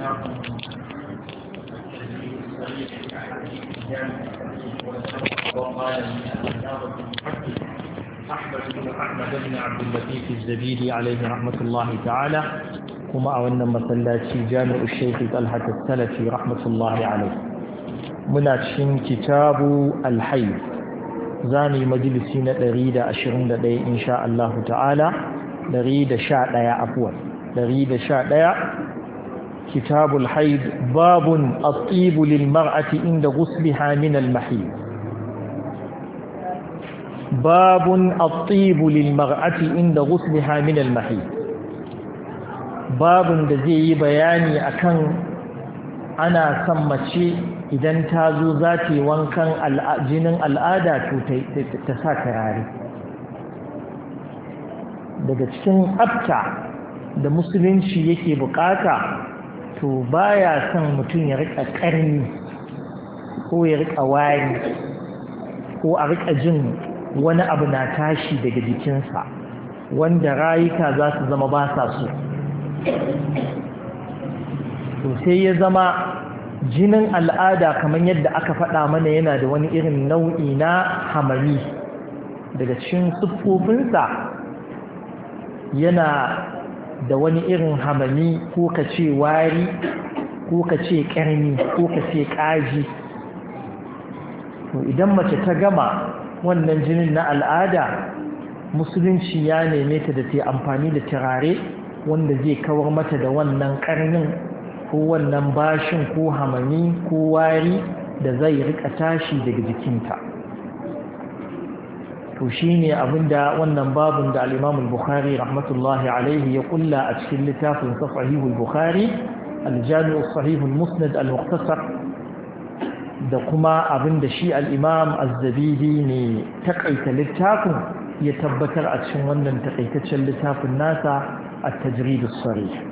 أحمد بن عبد اللطيف الزبيدي عليه رحمة الله تعالى كما أولنا مسلاتي جامع الشيخ طلحة السلفي رحمة الله عليه مناتشين كتاب الحي زاني مجلسين لغيد أشرين لدي إن شاء الله تعالى لغيد شاء لا يا أفوال لغيد شاء لا كتاب الحيض باب الطيب للمرأة عند غسلها من المحيض باب الطيب للمرأة عند غسلها من المحيض باب دزي بياني أكن أنا سمتشي إذا تازو ذاتي وان كان جنن الآدة تساكراري daga cikin abta da musulunci yake bukata to baya son mutum ya rika karni ko ya rika wari ko a rika jin wani abu na tashi daga jikinsa wanda rayuka za su zama ba sa so to sai ya zama jinin al'ada kamar yadda aka faɗa mana yana da wani irin nau'i na hamari daga cikin siffofinsa yana da wani irin hamami ko ka ce wari ko ka ce ƙarni ko ka ce ƙaji to idan mace ta gama wannan jinin na al'ada musulunci ya neme ta da ta amfani da turare wanda zai kawar mata da wannan ƙarnin ko wannan bashin ko hamami ko wari da zai rika tashi daga jikinta to shine abinda wannan babun da al-Imam al-Bukhari rahmatullahi alaihi ya kulla a cikin littafin Sahih al-Bukhari al-Jami' al-Sahih al-Musnad al-Mukhtasar da kuma abinda shi al-Imam Az-Zabidi ne takaita littafin ya tabbatar a cikin wannan takaitaccen littafin nasa at-Tajrid as-Sarih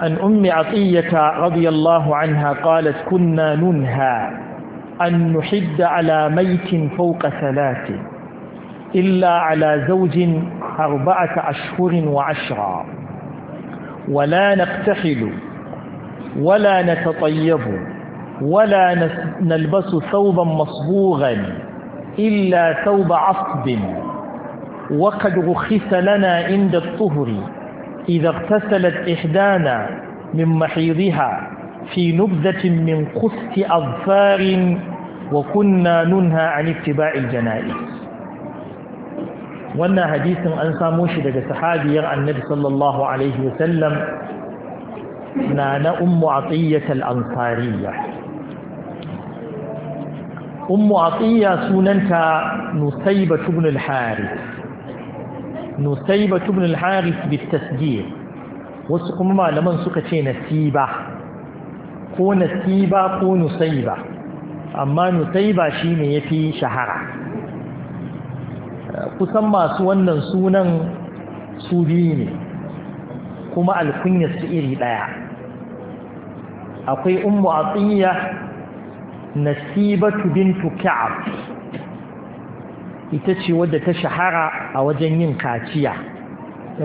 عن أم عطية رضي الله عنها قالت كنا ننهى أن نحد على ميت فوق ثلاث إلا على زوج أربعة أشهر وعشرة ولا نقتحل ولا نتطيب ولا نلبس ثوبا مصبوغا إلا ثوب عصب وقد رخص لنا عند الطهر إذا اغتسلت إحدانا من محيضها في نبذة من قسط أظفار وكنا ننهى عن اتباع الجنائز وانا حديث أن ساموش دقى صحابي عن النبي صلى الله عليه وسلم نانا أم عطية الأنصارية أم عطية سننت نسيبة بن الحارث نسيبة بن الحارث بالتسجيل وسقم ما لمن سكتين ce nasiba ko nasiba ko nusaiba amma nusaiba shi ne ya fi shahara kusan masu wannan sunan su biyu ne kuma alkunya su iri ɗaya akwai ummu atiyya nasibatu bintu ka'ab ita ce wadda ta shahara a wajen yin kaciya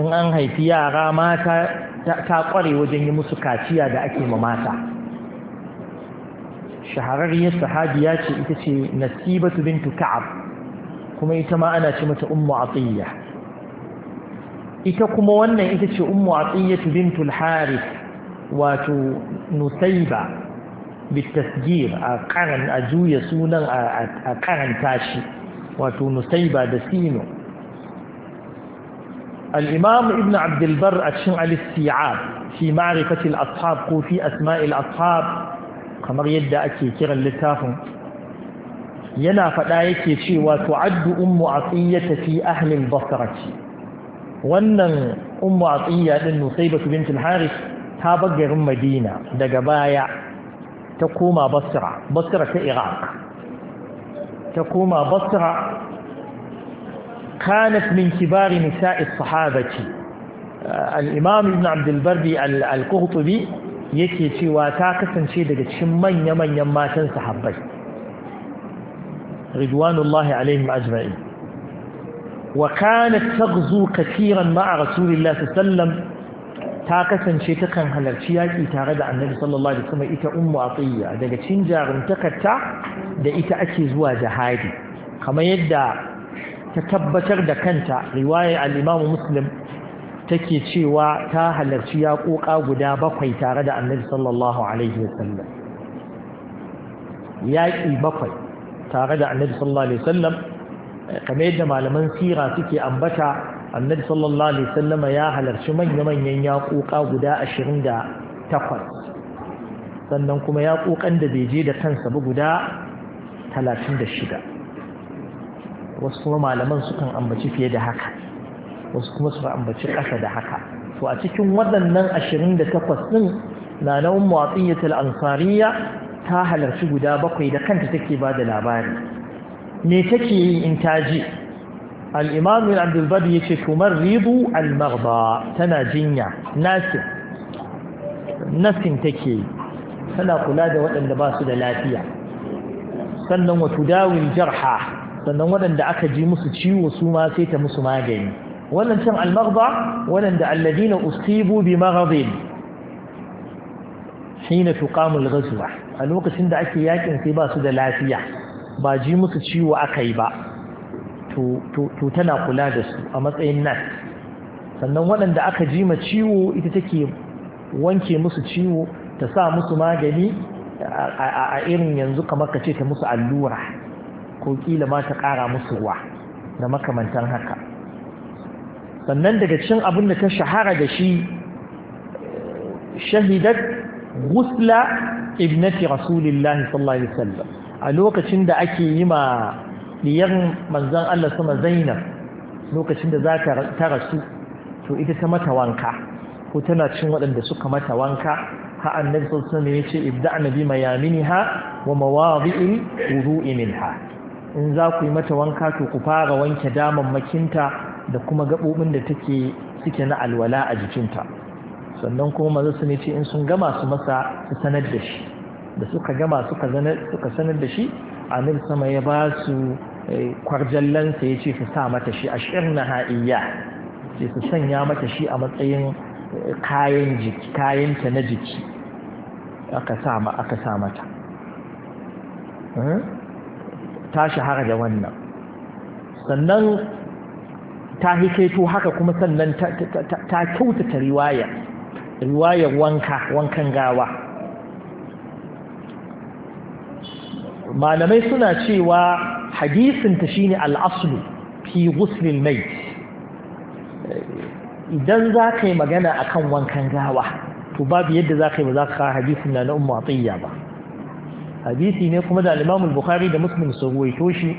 in an haifi yara mata ta kware wajen yi musu kaciya da ake ma mata شهرغي الصحابي ياتي نسيبة بنت كعب كما يتما أنا شمت أم عطية إتكما وانا إتسي أم عطية بنت الحارث واتو نسيبة بالتسجير أقارن أجو يسونا أقارن تاشي واتو نسيبة دسينو الإمام ابن عبد البر أتشن على السيعاب في معرفة الأصحاب قو في أسماء الأصحاب kamar yadda ake kiran littafin yana fada yake cewa tu'addu ummu atiyyata fi ahli al-basrati wannan ummu atiyya din nusaybah bint al-harith ta bagarin madina daga baya ta koma basra basra ta iraq ta koma basra kanat min kibar nisa' as-sahabati al-imam ibn abd al barbi al-qurtubi yake cewa ta kasance daga cikin manya-manyan matan sahabbai ridwanullahi alaihim ajma'in wa kanat taghzu katiran ma'a rasulillahi sallam ta kasance takan halarci yaki tare da annabi sallallahu alaihi wasallam ita ummu atiya daga cikin jarumtakarta da ita ake zuwa jihadi kamar yadda ta tabbatar da kanta riwaya al-imamu muslim take cewa ta halarci ya kuka guda bakwai tare da annabi sallallahu alaihi wasallam yaƙi bakwai tare da annabi sallallahu alaihi wasallam kamar yadda malaman sira suke ambata annabi sallallahu alaihi wasallam ya halarci manya-manyan kuka guda 28 sannan kuma yaƙoƙan da bai je da kansa ba guda 36 wasu kuma malaman sukan ambaci fiye da haka wasu kuma su ambaci ƙasa da haka to a cikin waɗannan ashirin da takwas ɗin na na ummu ansariya ta halarci guda bakwai da kanta take ba da labari me take yi in ta ji al-imam abdul bari yace tumarridu al-maghda tana jinya nasin nasin take yi tana kula da waɗanda ba su da lafiya sannan wa tudawil jarha sannan waɗanda aka ji musu ciwo su ma sai ta musu magani wannan can almarba wannan da alladina usibu bi maradin hina tuqamul ghazwa a lokacin da ake yakin sai ba su da lafiya ba ji musu ciwo akai ba to to tana kula da su a matsayin nas sannan waɗanda aka ji ma ciwo ita take wanke musu ciwo ta sa musu magani a irin yanzu kamar ka ce ta musu allura ko kila ma ta ƙara musu ruwa da makamantan haka sannan daga cin abin da ta shahara da shi shahidat gusla ibnati rasulillahi sallallahu alaihi wasallam a lokacin da ake yi ma diyar manzon Allah sama Zainab lokacin da za ta rasu to ita ta mata wanka ko tana cin waɗanda suka mata wanka ha annabi sallallahu alaihi wasallam yace ibda bi mayaminha wa mawadi'il wudu'i minha in za ku yi mata wanka to ku fara wanke damammakinta da kuma gaɓoɓin da take suke na alwala a jikinta sannan kuma maza su ne ce in sun gama su masa su sanar da shi da suka gama suka sanar da shi amir sama ya ba su eh, kwarjallansa ya ce su sa mata shi a shirin na ha'iyya ce su sanya mata shi a matsayin eh, kayan jiki kayanta na jiki aka sa mata hmm? ta shahara da wannan sannan ta hikaito haka kuma sannan ta kyautata riwaya riwayar wanka wankan gawa malamai suna cewa hadisinta shine al'aslu fi guslil mai idan za ka yi magana akan wankan gawa to babu yadda za ka yi ba za ka kawo hadisin na na'un matsayya ba hadisi ne kuma da limamul bukhari da muslim sun shi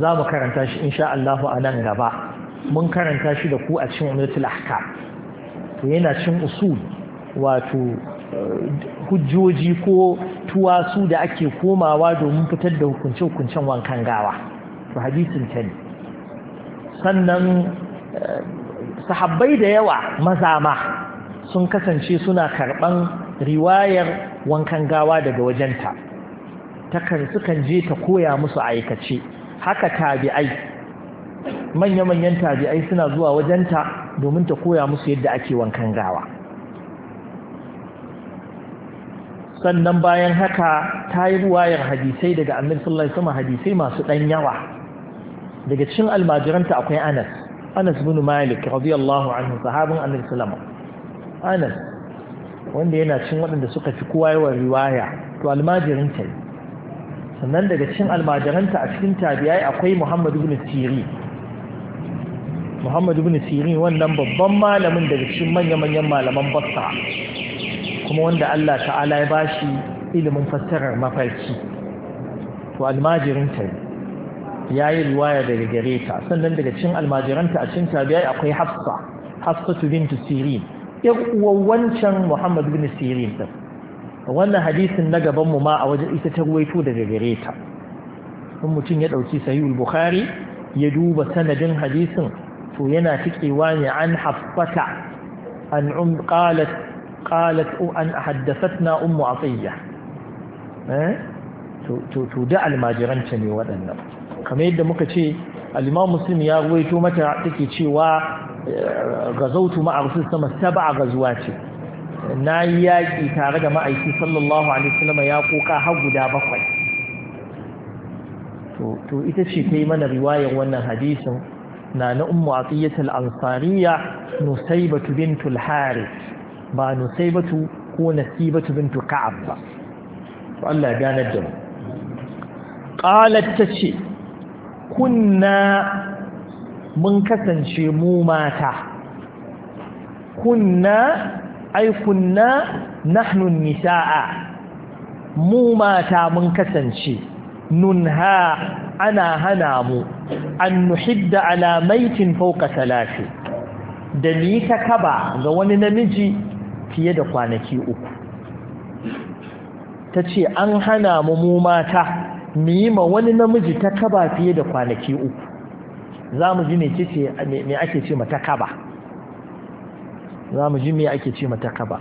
za mu karanta shi insha Allah a nan gaba mun karanta shi da ku a cikin umratul ahkam to yana cikin usul wato eh, hujjoji ko tuwasu da ake komawa domin fitar da hukunce-hukuncen wankan gawa to hadisin ta ne sannan eh, sahabbai da yawa maza ma sun kasance suna karɓan riwayar wankan gawa daga wajenta kan sukan je ta koya musu aikace haka tabi'ai manya-manyan tabi'ai suna zuwa wajenta domin ta koya musu yadda ake wankan gawa sannan bayan haka ta yi ruwayar hadisai daga annabi sallallahu alaihi hadisai masu ɗan yawa daga cikin almajiranta akwai anas anas bin malik radiyallahu anhu sahabin annabi sallallahu anas wanda yana cin waɗanda suka fi kowa yawan riwaya to almajiranta sannan daga cikin almajiranta a cikin tabi'ai akwai Muhammadu bin tiri muhammad ibn sirin wannan babban malamin daga cikin manya-manyan malaman basta kuma wanda allah ta'ala ya bashi ilimin fassarar mafarki to almajirinta ya yi riwaya daga gare ta sannan daga cikin almajiranta a cikin tabiya akwai hafsa hafsatu bintu sirin ya wancan muhammad ibn sirin din wannan hadisin na gaban mu ma a wajen ita ta ruwaito daga gare ta in mutum ya ɗauki sahihul bukhari ya duba sanadin hadisin to yana tikewa ne an haffata an um qalat qalat um, an haddathatna ummu atiyya eh to to to da almajiranta ne waɗannan kamar yadda muka ce al-imam muslim ya ruwaito mata take cewa eh, gazautu ma'a rasul sama sab'a gazuwa ce na yi yaƙi tare da ma'aiki sallallahu alaihi wasallam ya kuka har guda bakwai to ita ce ta yi mana riwayar wannan hadisin na ummu atiyatul ansariya nusaybatu bintul harith ba nusaybatu ko nasibatu bintu ka'ab ba to Allah gane da mu qalat tace kunna mun kasance mu mata kunna ai kunna nahnu nisaa mu mata mun kasance nunha ana hana mu an nuhidda ala maitin fauka talafi da ni ta kaba ga wani namiji fiye da kwanaki uku ta ce an hana mu mu mata mu yi ma wani namiji ta kaba fiye da kwanaki uku za mu ji me ake ce ma kaba za mu ji me ake ce mata kaba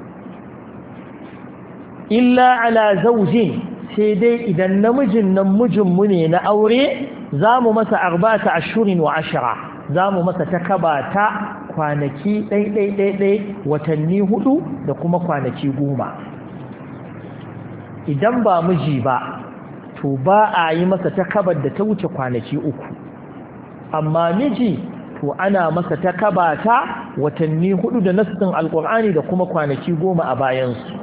illa ala zaujin sai dai idan namijin nan mijinmu ne na aure za mu masa arba'ata ashirin wa ashira za mu masa takaba ta kwanaki ɗaiɗaiɗaiɗai watanni hudu da kuma kwanaki goma idan ba miji ba to ba a yi masa takabar da ta wuce kwanaki uku amma miji to ana masa takaba ta watanni hudu da nassin alkur'ani da kuma kwanaki goma a bayansu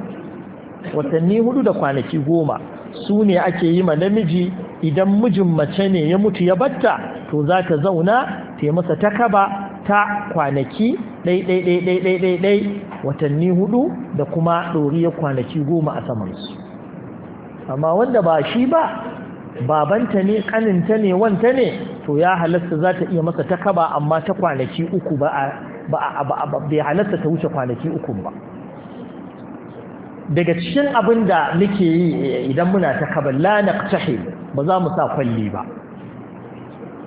watanni hudu da kwanaki goma su ne ake yi ma namiji idan mijin mace ne ya mutu ya batta to za ta zauna ta masa takaba ta kwanaki ɗai watanni hudu da kuma ɗoriyar kwanaki goma a samansu amma wanda ba shi ba babanta ne ƙaninta ne wanta ne to ya halasta za ta iya masa takaba amma ta kwanaki uku ba a bai ta wuce kwanaki uku ba daga cikin abin da muke yi eh, idan muna ta kaballa la naqtahi ba za mu sa kwalli ba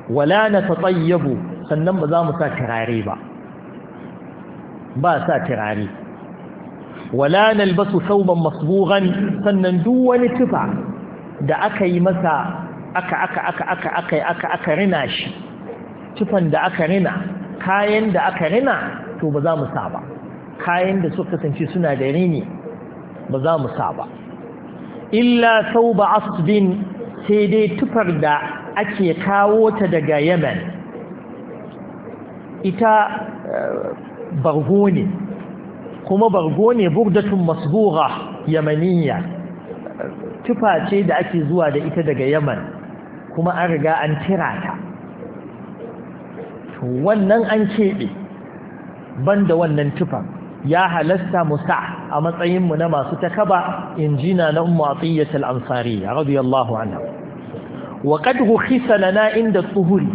wala natatayyabu sannan ba za mu sa turare ba ba sa turare wala nalbasu thawban masbughan sannan duk wani tufa da aka yi masa aka aka aka aka aka aka aka rina shi tufan da aka rina kayan da aka rina to ba za mu sa ba kayan da suka kasance suna da rini ba za mu sa ba illa sauba asbin sai dai tufar da ake kawo ta daga yemen ita eh, bargo ne kuma bargo ne burdatun masbura yamaniya tufa ce da ake zuwa da ita daga yaman kuma an riga an tira ta wannan an keɓe ban da wannan tufar. ya halasta musa a matsayinmu na masu takaba injina na ummu atiyat al-ansari radiyallahu anha wa qad rukhisa lana inda tuhuri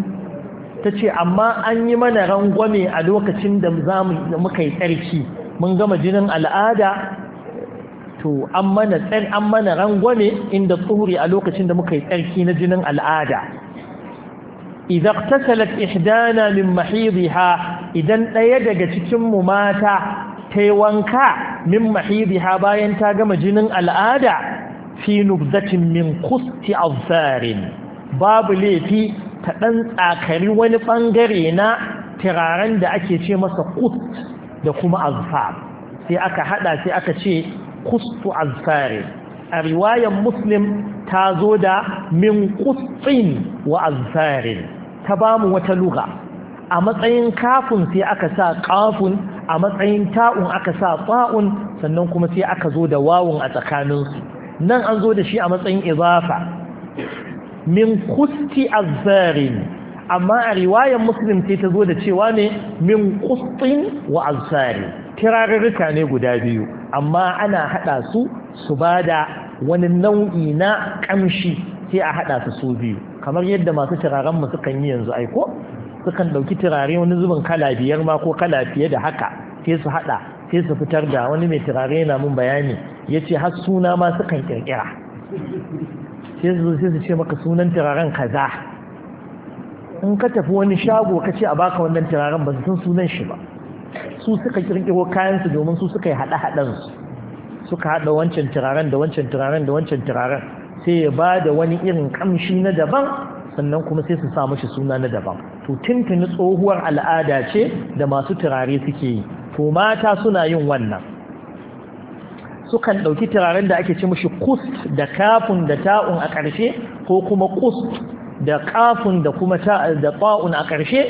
ce amma an yi mana rangwame a lokacin da zamu muka yi tsarki mun gama jinin al'ada to an mana rangwame inda tuhuri a lokacin da muka yi tsarki na jinin al'ada إذا اقتتلت إحدانا من محيضها إذا أيدك تتم ماتا ta yi wanka min mahidiha bayan ta gama jinin al'ada fi nubzatin min kusti azzarin babu laifi ta ɗan tsakari wani ɓangare na turaren da ake ce masa kust da kuma azfa sai aka haɗa sai aka ce kustu azzarin. a riwayan muslim ta zo da min kustin wa azfarin ta ba mu wata luga a matsayin kafin sai aka sa kafin a matsayin ta'un aka sa ta'un sannan kuma sai aka zo da wawun a tsakaninsu nan an zo da shi a matsayin izafa min kusti azzarin amma a riwayar muslim sai ta zo da cewa ne min kustin wa azzarin kirarurruka ne guda biyu amma ana haɗa su su ba da wani nau'i na ƙamshi sai a haɗa su su biyu kamar yadda masu mu sukan yi yanzu aiko sukan ɗauki turare wani zubin kala biyar ma ko kala fiye da haka sai su haɗa sai su fitar da wani mai turare yana mun bayani ya ce har suna ma sukan ƙirƙira sai su ce maka sunan turaren kaza in ka tafi wani shago ka ce a baka wannan turaren ba su san sunan shi ba su suka ƙirƙiro kayansu domin su suka yi haɗe su suka haɗa wancan turaren da wancan turaren da wancan turaren sai ya ba da wani irin ƙamshi na daban sannan kuma sai su sa mashi suna na daban to tuntuni tsohuwar al'ada ce da masu turare suke yi to mata suna yin wannan sukan ɗauki turaren da ake ce mashi kust da kafin da ta'un a ƙarshe ko kuma kust da kafin da kuma ta'un a ƙarshe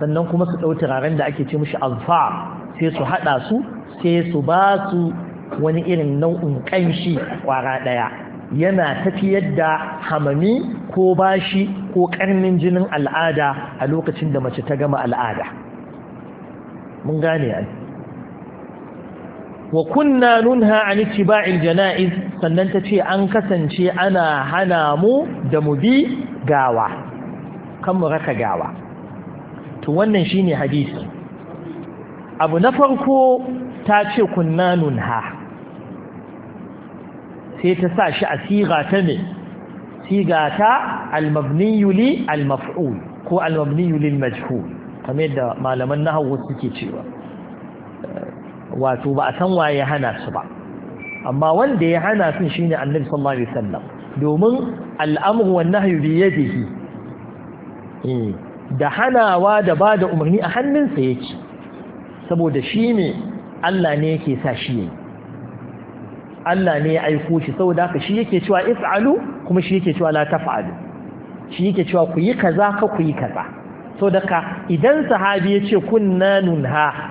sannan kuma su ɗau turaren da ake ce mashi alfa sai su haɗa su sai su ba su wani irin nau'in ƙanshi ƙwara ɗaya yana tafiyar da hamami ko bashi ko karnin jinin al'ada a lokacin da mace ta gama al'ada mun gane ai wa kunna nunha an ittiba'il janaiz sannan ta ce an kasance ana hana mu da mu bi gawa kan mu raka gawa to wannan shine hadisi abu na farko ta ce kunna nunha sai ta sa shi a siga ta ne siga ta almabniyuli ko almabniyuli majhul kamar yadda malaman na hawa suke cewa eh, wato ba a san waye hana su ba amma wanda ya hana sun shine annabi sallallahu alaihi wasallam domin al'amru na nahyu bi yadihi eh, da hanawa da ba da umarni a hannunsa yake saboda shi ne Allah ne yake sa shi yake Allah ne ya aiko shi saboda haka shi yake cewa if'alu kuma shi yake cewa la taf'alu shi yake cewa ku yi kaza ka ku yi kaza saboda ka idan sahabi ya ce kunna nunha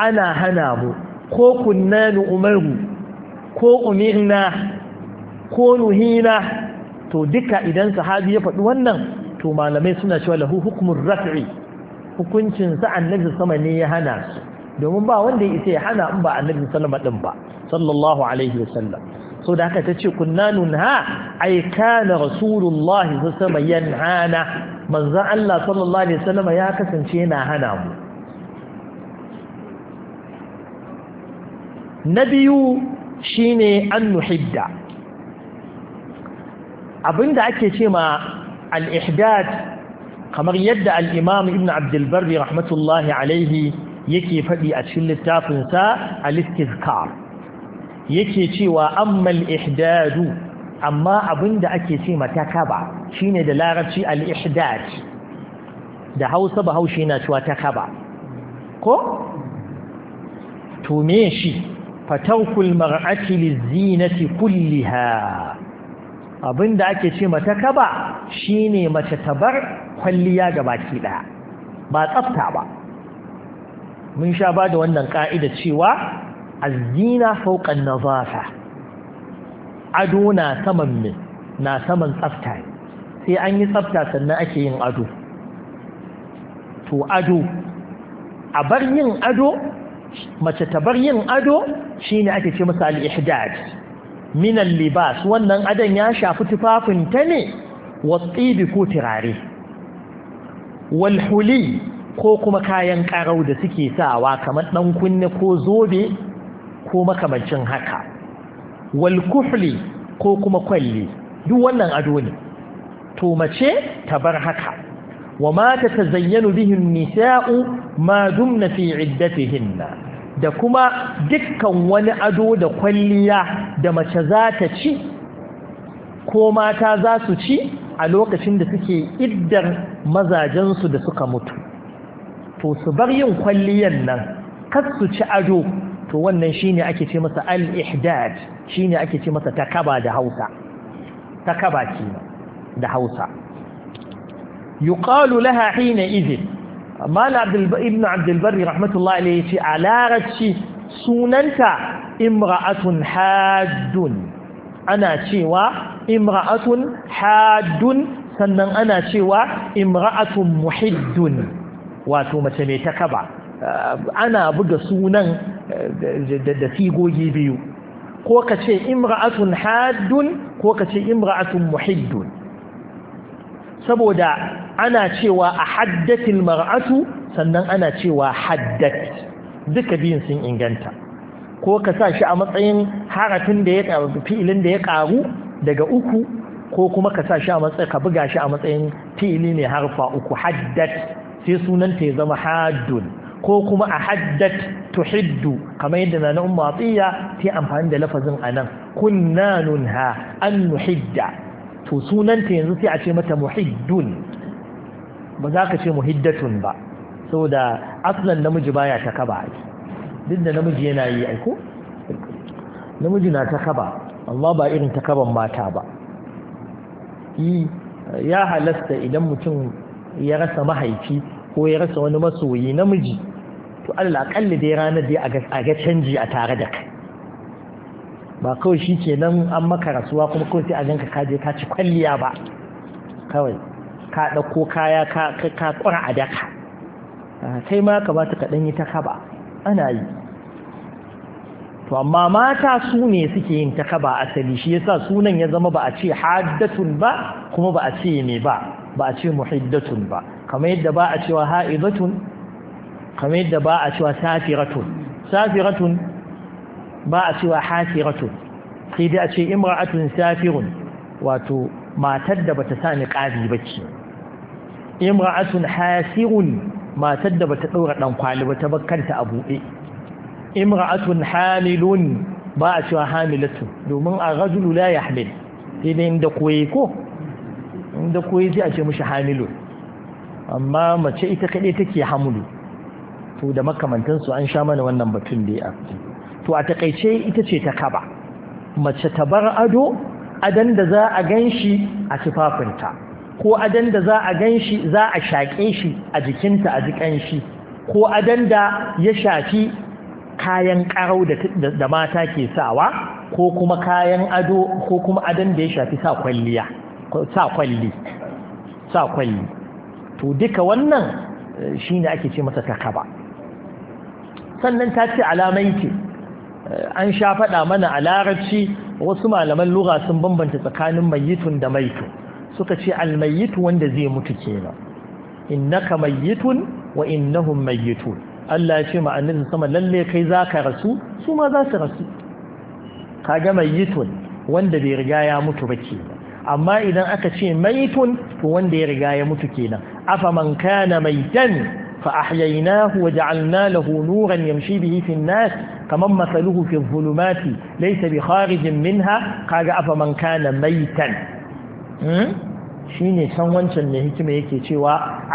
ana hana mu ko kunna Umaru, ko umirna ko nuhina to duka idan sahabi ya faɗi wannan to malamai suna cewa lahu hukumun raf'i hukuncin sa annabi sama ne ya hana su domin ba wanda ya isa ya hana in ba annabi sallama din ba sallallahu alaihi wasallam so da haka tace kunna nunha ai kana rasulullahi sallallahu alaihi wasallam yanhana manzon Allah sallallahu alaihi wasallam ya kasance yana hana mu na biyu shine an nuhidda abinda ake ce ma al kamar yadda imam ibn abdulbari rahmatullahi alaihi yake faɗi a cikin littafinsa a liskizkar yake cewa ammal ihdadu amma abinda ake ce mata kaba shine da larabci al-ihdad da Hausa Bahaushe yana cewa ta kaba ko Tume me shi fatarkul mar'ati lizinati kulliha abinda ake ce mata kaba shine mace ta bar kwalliya gabaki daya ba tsafta ba mun sha ba da wannan ka'ida cewa الزينة na zafa ado na saman mai na saman tsafta sai an yi tsafta sannan ake yin ado to ado a bar yin ado mace ta bar yin ado shine ake ce misali ihdad minan libas wannan adon ya shafi tufafin ta ne wasibi ko turare walhuli ko kuma kayan karau da suke sawa kamar dan kunne ko zobe ko makamancin haka wal kuhli ko kuma kwalli duk wannan ado ne to mace ta bar haka wa mata ta tazayyanu bihin nisa'u ma dumna fi iddatihinna da kuma dukkan wani ado da kwalliya da mace za ta ci ko mata za su ci a lokacin da suke iddar mazajensu da suka mutu to su bar yin kwalliyan nan kar su ci ado to wannan shine ake ce masa al-ihdad shine ake ce masa takaba da Hausa takaba ce da Hausa yuqalu laha hina idhin mal abdul ibn abdul barri rahmatullahi alayhi ce alarati sunanta imra'atun haddun ana cewa imra'atun haddun sannan ana cewa imra'atun muhiddun wato mace mai takaba ana buga sunan da sigogi biyu ko ka ce imra'atun haddun ko ka ce imra'atun muhiddun saboda ana cewa a haddatin mar'atu sannan ana cewa haddat duka biyun sun inganta ko ka sa shi a matsayin harafin da ya ƙaru fi'ilin da ya ƙaru daga uku ko kuma ka sa shi a matsayin ka buga shi a matsayin fi'ili ne harfa uku haddat sai sunanta ya zama haddun ko kuma a haddat tuhiddu kamar yadda na nan matsiya ta amfani da lafazin a nan kunna nunha an nuhidda to sunanta yanzu sai a ce mata muhiddun ba za ka ce muhiddatun ba da asalin namiji baya ta kaba duk da namiji yana yi aiko namiji na ta kaba amma ba irin ta kaban mata ba ya halasta idan mutum ya rasa mahaifi ko ya rasa wani masoyi namiji to Allah kalli dai ranar dai a ga canji a tare da kai ba kawai shi ke nan an maka rasuwa kuma kawai sai a ganka ka je ka ci kwalliya ba kawai ka ɗauko kaya ka ka ƙura a daka ah, kai ma ka ta kaɗan yi ta kaba ana yi to amma mata su ne suke yin ta kaba asali shi yasa sunan ya zama ba a ce haddatun ba kuma ba a ce me ba ba a ce muhiddatun ba kamar yadda ba a cewa ha'idatun kamar yadda ba a cewa safiratun safiratun ba a cewa hasiratun sai dai a ce imra'atun safirun wato matar da bata sa niqabi bace imra'atun hasirun matar da bata daura dan kwali ba ta bakkanta a buɗe imra'atun hamilun ba a cewa hamilatu domin a rajulu la yahmil sai dai inda koyi ko inda koyi sai a ce mishi hamilu amma mace ita kaɗai take hamulu to da makamantansu an sha mana wannan batun da ya to a takaice ita ce ta kaba mace ta bar ado adan da za a gan shi a tufafinta ko adan da za a gan shi za a shaƙe shi a jikinta a jikan shi ko adan da ya shafi kayan ƙarau da mata ke sawa ko kuma kayan ado ko kuma adan da ya shafi sa kwalliya sa kwalli sa kwalli to duka wannan eh, shine ake ce masa takaba sannan ta ce alamai eh, an sha faɗa mana a larabci wasu malaman lura sun bambanta tsakanin mayitun da maitu suka ce almayitu wanda zai mutu kenan innaka mayitun wa innahum mayyitun Allah ya ce ma'anin sama lalle kai za ka rasu su ma za su rasu kaga mayyitun wanda bai riga ya mutu ba kenan amma idan aka ce maitun to wanda ya riga ya mutu kenan afa man kana maitan fa ahyaynahu wa ja'alna lahu nuran yamshi bihi fi an-nas kaman masaluhu fi adh-dhulumati laysa bi kharijin minha kaga afa man kana maitan hmm? shine san wancan ne hikima yake cewa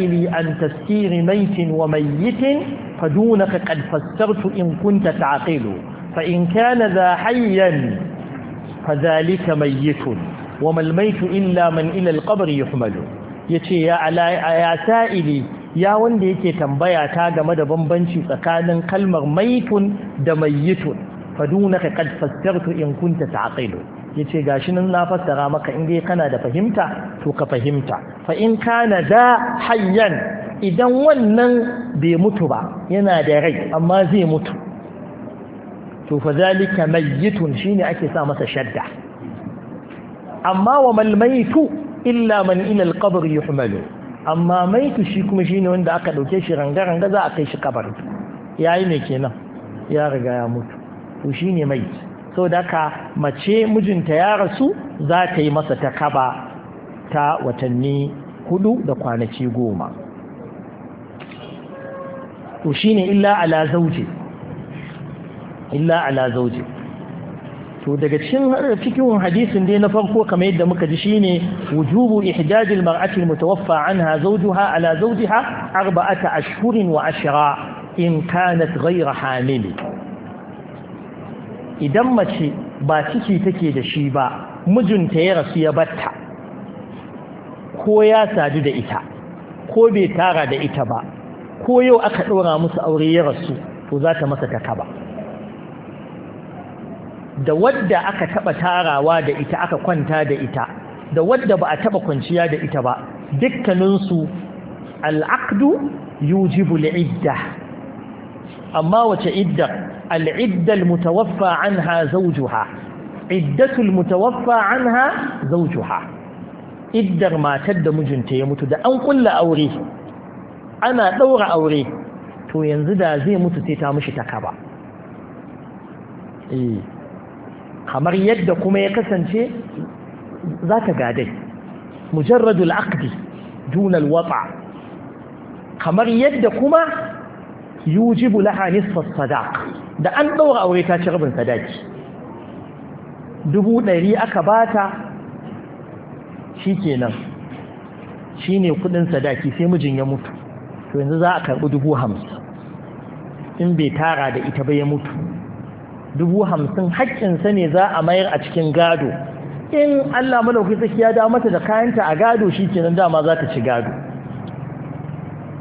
ili an tafsiri maitin wa mayyitin fadunaka qad fassartu in kunta ta'qilu fa in kana za hayyan fazalika mayyitun wa mal illa man ila al yuhmalu yace ya ala ya sa'ili ya wanda yake tambaya ta game da bambanci tsakanin kalmar maitun da mayyitun fadunaka qad fassartu in kunta ta'qilu yace gashi nan na fassara maka in dai kana da fahimta to ka fahimta fa in kana da hayyan idan wannan bai mutu ba yana da rai amma zai mutu to fa zalika mayyitun shine ake sa masa shadda amma wa mal maytu illa man ila al qabr yuhmalu amma maitu shi kuma shine wanda aka dauke shi ranga ranga za a kai shi kabar yayi ne kenan ya riga ya mutu to shine maiti saboda ka mace mijinta ya rasu za ta yi masa ta kaba ta watanni hudu da kwanaki goma to shine illa ala zauji illa ala zauji to daga cikin cikin hadisin dai na farko kamar yadda muka ji shine wujubu ihdajil mar'ati mutawaffa anha zawjuha ala zawjiha arba'ata ashhurin wa ashra in kanat ghayra hamil idan mace ba ciki take da shi ba mijinta ya rasu ya batta ko ya sadu da ita ko bai tara da ita ba ko yau aka ɗora musu aure ya rasu to za ta masa takaba da wadda aka taba tarawa da ita aka kwanta da ita da wadda ba a taba kwanciya da ita ba dukkaninsu al'aqdu yujibu al'idda amma wace idda al'idda al-mutawaffa anha zawjuha iddatul mutawaffa anha zawjuha iddar matar da mijinta ya mutu da an kulla aure ana daura aure to yanzu da zai mutu sai ta mishi takaba eh kamar yadda kuma ya kasance za ta gadai mujarradul aqdi dunal wata kamar yadda kuma yujibu laha nisfas sadaq da an daura aure ta ci rabin sadaki dubu ɗari aka bata shikenan shine kudin sadaki sai mijin ya mutu to yanzu za a karɓi dubu hamsin in bai tara da ita ba ya mutu dubu hamsin haƙƙinsa ne za a mayar a cikin gado in Allah malaukai tsaki ya da mata da kayanta a gado shi kenan dama za ta ci gado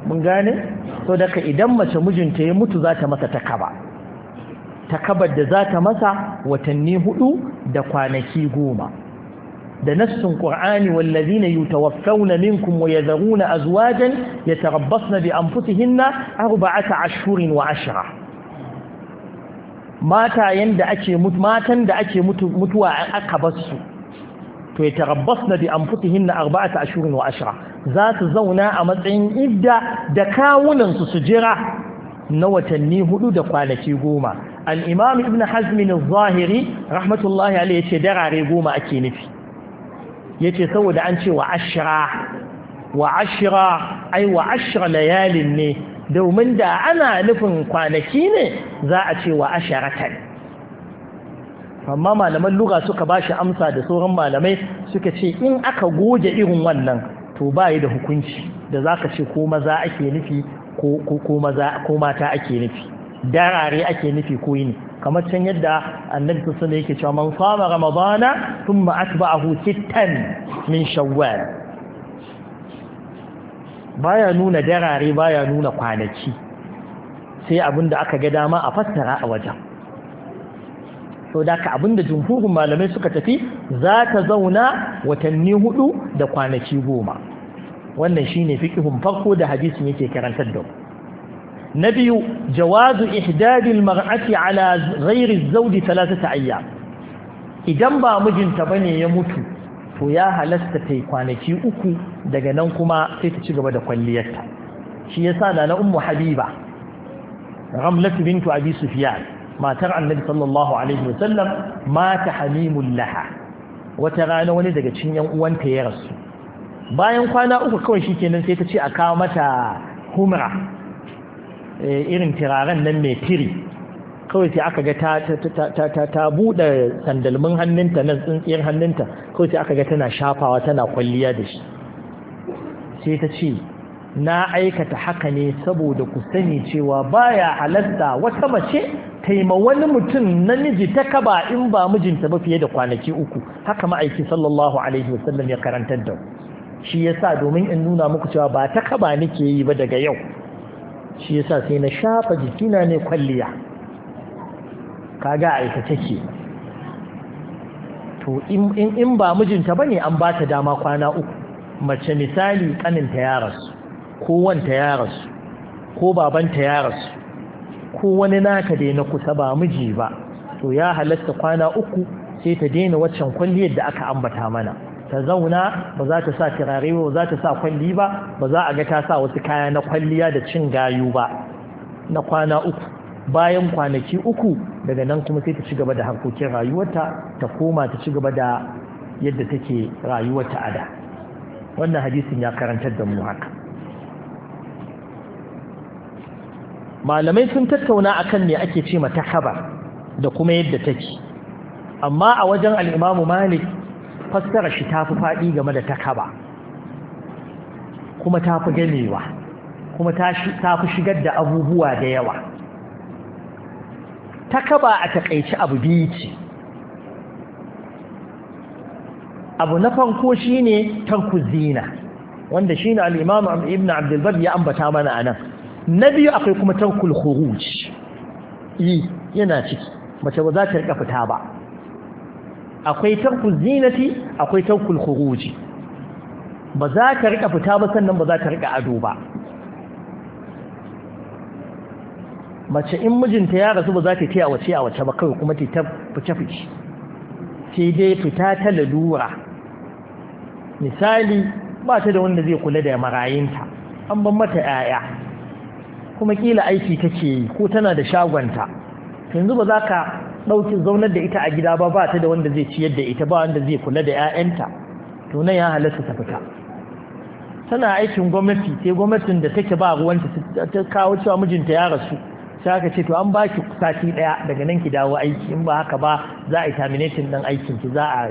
mun gane so daga idan mace mijinta ya mutu za ta masa takaba takabar da za ta masa watanni hudu da kwanaki goma da nassin qur'ani wallazina yutawaffawna minkum wa yadhuruna azwajan na bi anfusihinna arba'ata ashhurin wa ashra matayen da ake mutu matan da ake mutu mutuwa aka basu to ya tarabbasna bi anfusihinna arba'ata ashhurin wa ashra za su zauna a matsayin idda da kawunan su su jira na watanni hudu da kwanaki goma al-imam ibn hazm al-zahiri rahmatullahi alayhi yace darare goma ake nufi yace saboda an ce wa ashra wa ashra ai wa ashra layalin ne domin da ana nufin kwanaki ne za a ce wa asharatan amma malaman lura suka ba shi amsa da sauran malamai suka ce in aka goge irin wannan to ba da hukunci da za ka ce ko maza ake nufi ko mata ake nufi darare ake nufi ko yini kamar can yadda annabi sassan yake cewa man fama ramadana sun a sittan min shawar. baya nuna darare baya nuna kwanaki sai abinda aka ga dama a fassara a wajen sau da ka abin jumhurin malamai suka tafi za ta zauna watanni hudu da kwanaki goma wannan shine fikihun farko da hadisin yake karantar da na biyu jawazu ihdadil mar'ati ala ghairi zawji thalathata ayyam idan ba mijinta bane ya mutu to ya halasta ta yi kwanaki uku daga nan kuma sai ta ci gaba da kwalliyarta shi sa da na umu habiba ramlatu bintu abi sufiya matar annabi sallallahu alaihi wasallam mata hamimul laha wata rana wani daga cin yan uwanta ya rasu bayan kwana uku kawai shikenan sai ta ce a kawo mata humra eh, irin tiraren nan mai firi kawai sai aka ga ta ta ta ta bude sandalmin hannunta nan tsintsiyar hannunta kawai sai aka ga tana shafawa tana kwalliya da shi sai ta ce na aikata haka ne saboda ku sani cewa baya halatta wata mace taima wani mutum namiji ta kaba in ba mijinta ba fiye da kwanaki uku haka ma'aiki sallallahu alaihi wasallam ya karantar da shi yasa domin in nuna muku cewa ba ta kaba nake yi ba daga yau shi yasa sai na shafa jikina ne kwalliya kaga aikace ce to in ba mijinta bane an ba ta dama kwana uku mace misali kaninta ya rasu ko wanta ya rasu ko babanta ya rasu ko wani naka dai na kusa ba miji ba to ya halatta kwana uku sai ta daina waccan kwalliyar da aka ambata mana ta zauna ba za ta sa turare ba za ta sa kwalli ba ba za a ga ta sa wasu kaya na kwalliya da cin gayu ba na kwana uku bayan kwanaki uku daga nan kuma sai ta ci gaba da harkokin rayuwarta ta koma ta ci gaba da yadda take rayuwarta a da wannan hadisin ya karantar da mu haka malamai sun tattauna akan me ake ce mata haba da kuma yadda take amma a wajen al'imamu malik fassara shi tafi fi faɗi game da takaba kuma ta fi ganewa kuma tafi shigar da abubuwa da yawa takaba a takaici abu biyu ce abu na farko shine tankuzina wanda shi al-imam ibn abdul ya ambata mana anan na biyu akwai kuma tankul khuruj yi yana ciki mace ba za ta rika fita ba akwai tankul zinati akwai tankul khuruji ba za ta rika fita ba sannan ba za ta rika ado ba mace in mijinta ya rasu ba za ta a wace a wace ba kawai kuma ta ta fice fice sai dai fita ta lalura misali ba ta da wanda zai kula da marayinta an ban mata 'ya'ya kuma kila aiki take yi ko tana da shagonta yanzu ba za ka ɗauki zaunar da ita a gida ba ba ta da wanda zai ciyar da ita ba wanda zai kula da 'ya'yanta to nan ya halatta ta fita tana aikin gwamnati sai gwamnatin da take ba ruwanta ta kawo cewa mijinta ya rasu sai aka ce to an ba ki sati daya daga nan ki dawo aiki in ba haka ba za a yi terminating din aikin ki za a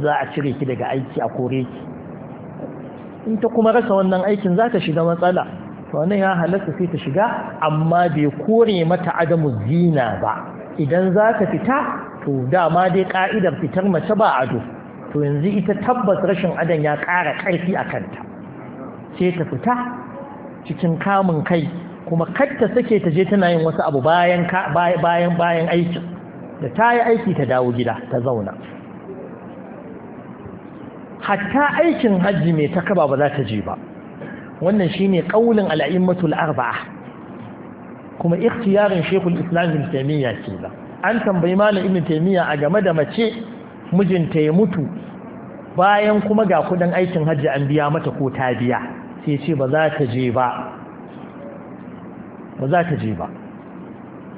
za a cire ki daga aiki a kore ki in ta kuma rasa wannan aikin za ta shiga matsala to wannan ya halatta sai ta shiga amma bai kore mata adamu zina ba idan za ta fita to dama dai ka'idar fitar mace ba ado to yanzu ita tabbas rashin adon ya ƙara ƙarfi a kanta sai ta fita cikin kamun kai kuma ta sake ta je tana yin wasu abu bayan bayan bayan aikin da ta yi aiki ta dawo gida ta zauna hatta aikin hajji mai ta kaba ba za ta je ba wannan shine kaulin al'immatul arba'a kuma ikhtiyarin shekul islam ibn ce da an tambayi malam ibn taymiya a game da mace mijinta ya mutu bayan kuma ga kudin aikin hajji an biya mata ko ta biya sai ce ba za ta je ba ba za ta je ba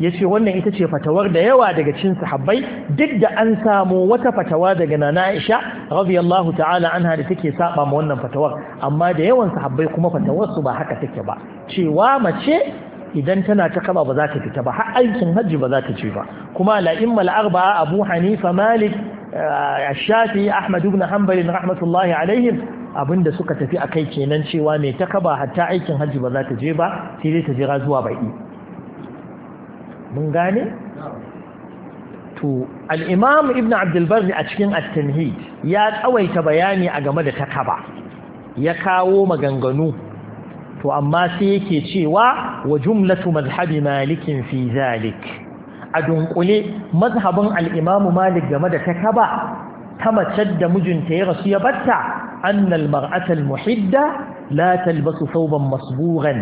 ya ce wannan ita ce fatawar da yawa daga cin sahabbai duk da an samu wata fatawa daga nana aisha radiyallahu ta'ala anha da take saba ma wannan fatawar amma da yawan sahabbai kuma fatawar su ba haka take ba cewa mace idan tana ta kaba ba za ta fita ba har aikin hajji ba za ta je ba kuma la'imma arba'a abu hanifa malik shafi ahmad ibn hanbal rahmatullahi alaihim da suka tafi akai kenan cewa mai takaba hatta aikin hajji ba za ta je ba sai dai ta jira zuwa baki mun gane to al-imam ibn abd al a cikin at-tanhid ya tsawaita bayani a game da takaba ya kawo maganganu to amma sai yake cewa wa jumlatu madhhabi malikin fi zalik a dunkule mazhabin al'imamu malik game da takaba ta mace da mijinta ya rasu ya batta annal mar'atal muhidda la talbasu sauban masburan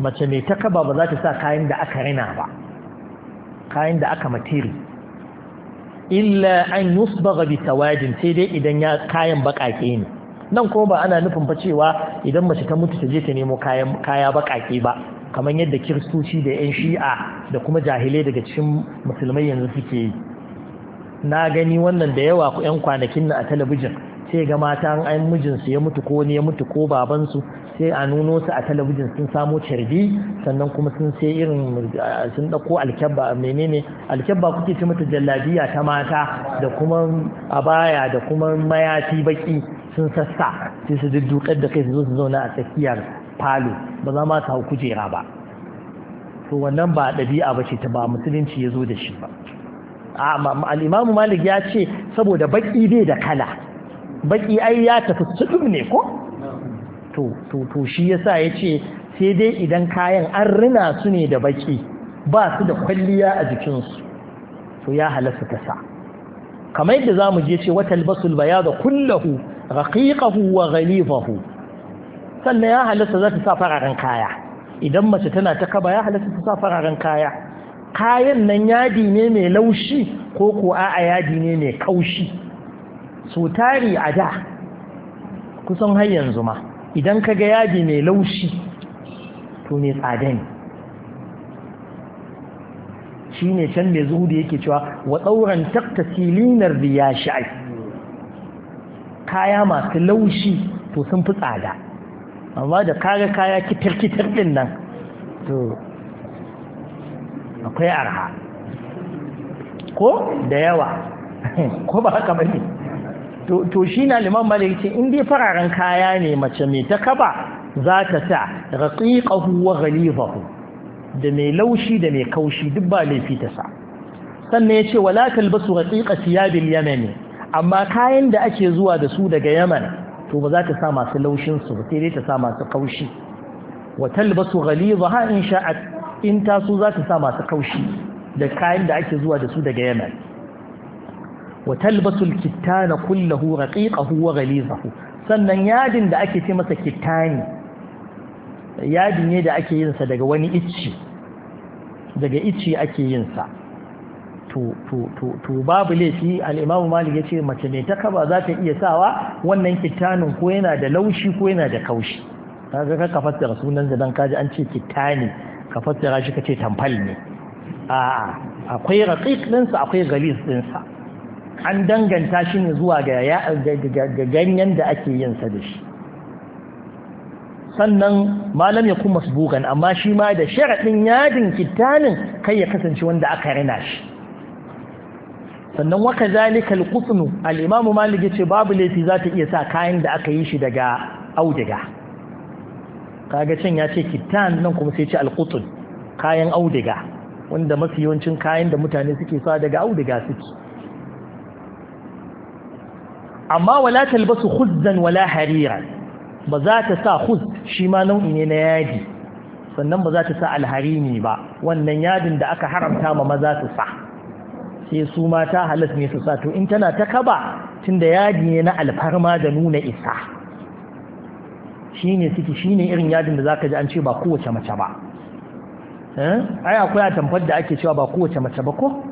mace mai takaba ba za ta sa kayan da aka rina ba kayan da aka matiri illa an yusbaga bi tawadin sai dai idan ya kayan baƙaƙe ne nan kuma ba ana nufin fa cewa idan mace ta mutu ta je ta nemo kaya baƙaƙe ba kamar yadda kiristoci da 'yan shi'a da kuma jahilai daga cikin musulmai yanzu suke yi na gani wannan da yawa ku 'yan kwanakin na a talabijin sai ga mata an ayin mijinsu ya mutu ko ne ya mutu ko babansu sai a nuno su a talabijin sun samo carbi sannan kuma sun sai irin sun ɗauko alkyabba menene alkyabba kuke ci mata jalladiya ta mata da kuma abaya da kuma mayafi baki sun sassa sai su dudduƙar da kai su zo su zauna a tsakiyar falo ba za ma su hau kujera ba to wannan ba ɗabi'a ba ce ta ba musulunci ya zo da shi ba al'imamu malik ya ce saboda baƙi bai da kala baƙi ai ya tafi tsudum ne ko to to shi yasa ya ce sai dai idan kayan an rina su ne da baƙi ba su da kwalliya a jikinsu to ya halasta ta sa kamar yadda za mu je ce wata albasul baya da kullahu raqiqahu wa ghalifahu sannan ya halatta za ta sa fararen kaya idan mace tana ta kaba ya halatta ta sa fararen kaya kayan nan yadi ne mai laushi ko ko a yadi ne mai kaushi so tari a da kusan har yanzu ma idan ka ga yadi mai laushi to mai tsada ne shi ne can mai zuhu da yake cewa wa tsauran takta silinar biya sha'ai kaya masu laushi to sun fi tsada amma da kaga kaya kitar-kitar din nan to akwai arha ko da yawa ko ba haka bane to shi na liman malik ce in dai fararen kaya ne mace mai ta kaba za ta sa raqiqahu wa ghalizahu da mai laushi da mai kaushi duk ba laifi ta sa sannan ya ce wala basu raƙiƙa siyabin yamani amma kayan da ake zuwa da su daga yaman to ba za ta sa masu laushin su ba sai dai ta sa masu kaushi wa talbasu ghalizaha in sha'at in ta za ta sa masu kaushi da kayan da ake zuwa da su daga yaman wa talbasu al-kittana kullahu raqiqahu wa sannan yadin da ake ce masa kitani yadin ne da ake yin sa daga wani icci daga icci ake yin sa to babu laifi al'imamu malik ya ce mace mai takaba za ta iya sawa wannan kitanin ko yana da laushi ko yana da kaushi ta ga ka fassara sunan zadan kaji an ce kitani ka fassara shi ka ce tamfal ne a'a akwai raƙiƙ ɗinsa akwai galis ɗinsa. an danganta shi ne zuwa ga ganyen da ake yin sa da shi sannan malam ya kuma su bugan amma shi ma da sharaɗin yadin kitanin kai ya kasance wanda aka rina shi sannan waka zalika al-qutnu al-imam malik yace babu laifi za ta iya sa kayan da aka yi shi daga audiga kaga can ya ce nan kuma sai ce al-qutn kayan audiga wanda mafi yawancin kayan da mutane suke sa daga audiga suke amma wala talbasu khuzzan wala harira ba za ta sa khuz shi ma nau'i ne na yadi sannan ba za ta sa alharini ba wannan yadin da aka haramta ma maza su sa sai su mata halas ne su To in tana ta kaba tunda yadi ne na alfarma da nuna isa shine suke shine irin yadin da zaka ji an ce ba kowace mace ba eh? ai akwai tamfar da ake cewa ba kowace mace ba ko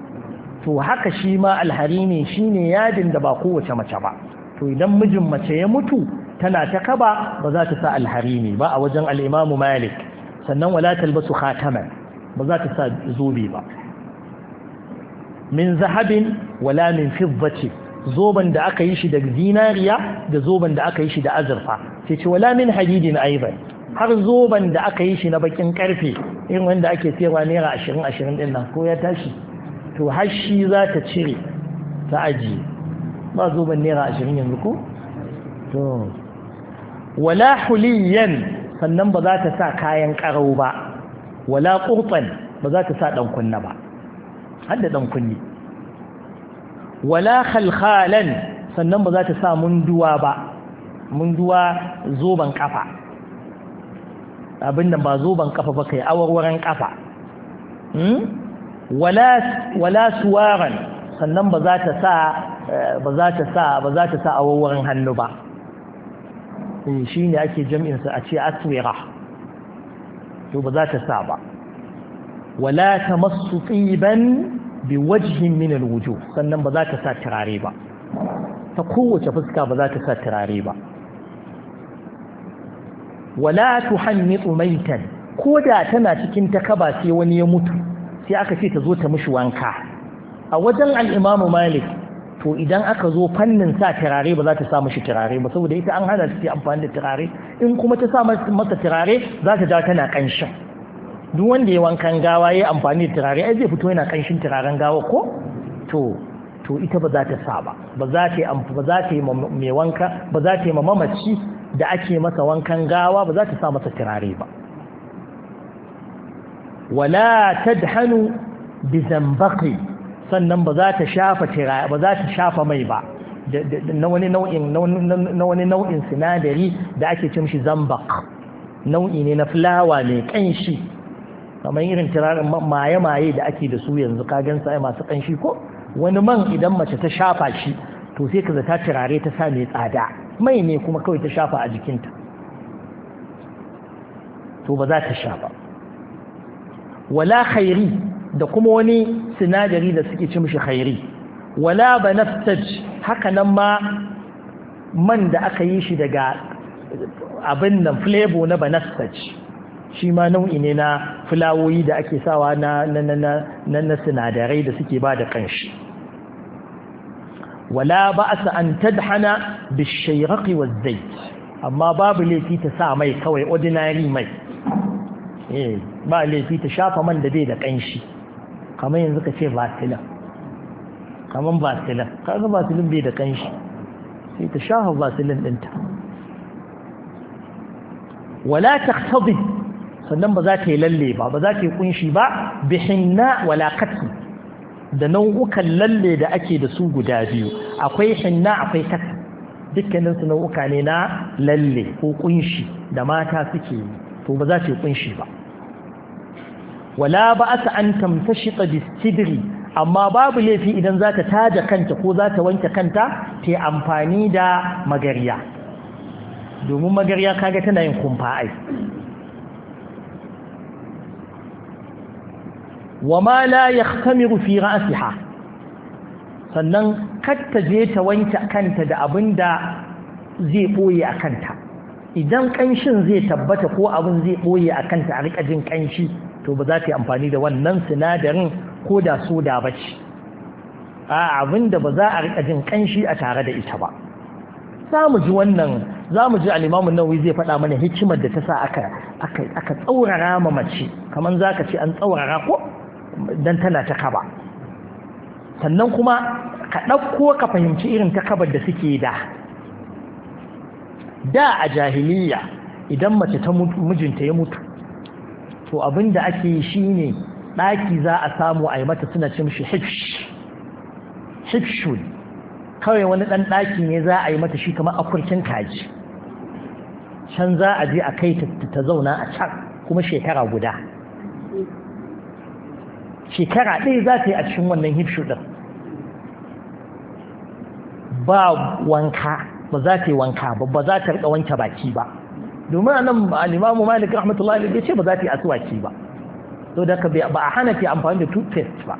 to haka shi ma alhari ne shine yadin da ba kowace mace ba to idan mijin mace ya mutu tana ta kaba ba za ta sa alhari ne ba a wajen al-Imam Malik sannan wala talbasu khataman ba za ta sa zobe ba min zahabin wala min ce zoban da aka yi shi da zinariya da zoban da aka yi shi da azurfa sai ce wala min hadidin aiban har zoban da aka yi shi na bakin karfe irin wanda ake sayarwa naira ashirin ashirin din nan ko ya tashi to har shi za ta cire ta ajiye ba zoban naira ashirin yanzu ko to wala huliyan sannan ba za ta sa kayan karau ba wala kurban ba za ta sa dan kunna ba Hadda da ɗan kunni wala khalkhalan sannan ba za ta sa munduwa ba munduwa zoben kafa abinda ba zoben kafa ba kai awarwaran kafa hmm? wala suwaran sannan eh, ba za ta sa ba za ta sa ba za ta sa awarwaran hannu ba eh, shi ne ake jam'in jam'insa a ce aswira to ba za ta sa ba wala tamassu tsiban bi wajihin min alwujuh sannan ba za ta sa turare ba ta kowace fuska ba za ta sa turare ba wala tuhannitu maitan ko da tana cikin takaba sai wani ya mutu sai aka ce ta zo ta mishi wanka a wajen al'imamu malik to idan aka zo fannin sa turare ba za ta sa mishi turare ba saboda ita an hana ta amfani da turare in kuma ta sa masa turare za ta ja tana ƙanshin duk wanda ya wankan gawa ya amfani da turare ai zai fito yana kanshin turaren gawa ko to to ita ba za ta sa ba ba za ta ba za ta mai wanka ba za ta ma mamaci da ake masa wankan gawa ba za ta sa masa turare ba wala tadhanu bi zambaqi sannan ba za ta shafa turare ba za ta shafa mai ba na wani nau'in na wani nau'in sinadari da ake cin shi zambaq nau'i ne na fulawa mai kanshi kamar irin tirarin maye-maye da ake da su yanzu kagan sa masu kanshi ko wani man idan mace ta shafa shi to sai ka zata turare ta sa mai tsada mai ne kuma kawai ta shafa a jikinta to ba za ta sha ba wala khairi da kuma wani sinadari da suke ci mishi khairi wala banaftaj haka nan ma man da aka yi shi daga abin nan flavor na banaftaj shi ma nau'i ne na fulawoyi da ake sawa na na na na sinadarai da suke ba da kanshi wala ba'sa an tadhana bishayraqi wazayt amma babu laifi ta sa mai kawai ordinary mai eh ba laifi ta shafa man da bai da kanshi kamar yanzu ka ce vaseline kamar vaseline kaga vaseline bai da kanshi sai ta shafa vaseline dinta wala taqtadi sannan ba za ta yi lalle ba ba za ta yi kunshi ba bihinna wala katsi da nau'ukan lalle da ake da su guda biyu akwai hinna akwai katsi dukkanin su nau'uka ne na lalle ko kunshi da mata suke yi to ba za ta yi kunshi ba wala ba asa an shi bisidri amma babu laifi idan za ta taja kanta ko za ta wanke kanta ta amfani da magariya domin magariya kaga tana yin kumfa ai wa ma la yahtamiru fi ra'siha sannan katta je ta wanke kanta da abinda zai boye a kanta idan kanshin zai tabbata ko abin zai boye a kanta a rika jin kanshi to ba za ta yi amfani da wannan sinadarin ko da soda ba ce a abin da ba za a rika jin kanshi a tare da ita ba za mu ji wannan za mu ji alimamun nauyi zai faɗa mana hikimar da ta sa aka aka tsaurara ma mace kamar za ka ce an tsaurara ko dan tana ta kaba sannan kuma ka ɗauko ka fahimci irin ta kabar da suke da da a jahiliya idan mace ta mutu mijinta ya mutu to abinda ake yi shi ne ɗaki za a samu a yi mata suna cin shi hifsh kawai wani ɗan ɗaki ne za a yi mata shi kamar akurkin kaji can za a je a kai ta zauna a can kuma shekara guda shekara ɗaya za ta yi a cikin wannan hifshu ɗin ba wanka ba za ta yi wanka ba ba za ta riƙa wanke baki ba domin a nan alimamu malik rahmatullahi ya ce ba za ta yi asuwaki ba to da ka ba a hana ta amfani da toothpaste ba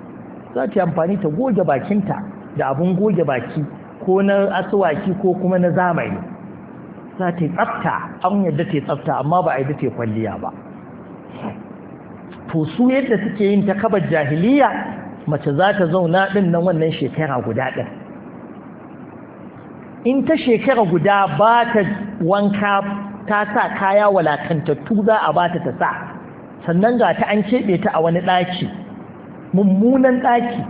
za ta yi amfani ta goge bakinta da abun goge baki ko na asuwaki ko kuma na zamani za ta yi tsafta an yadda ta yi tsafta amma ba a yi da ta yi kwalliya ba to su yadda suke yin takabar kabar jahiliya mace za ta zauna ɗin nan wannan shekara guda ɗin in ta shekara guda ba ta wanka ta sa kaya walakantattu za a ba ta ta sa sannan ga ta an keɓe ta a wani ɗaki mummunan ɗaki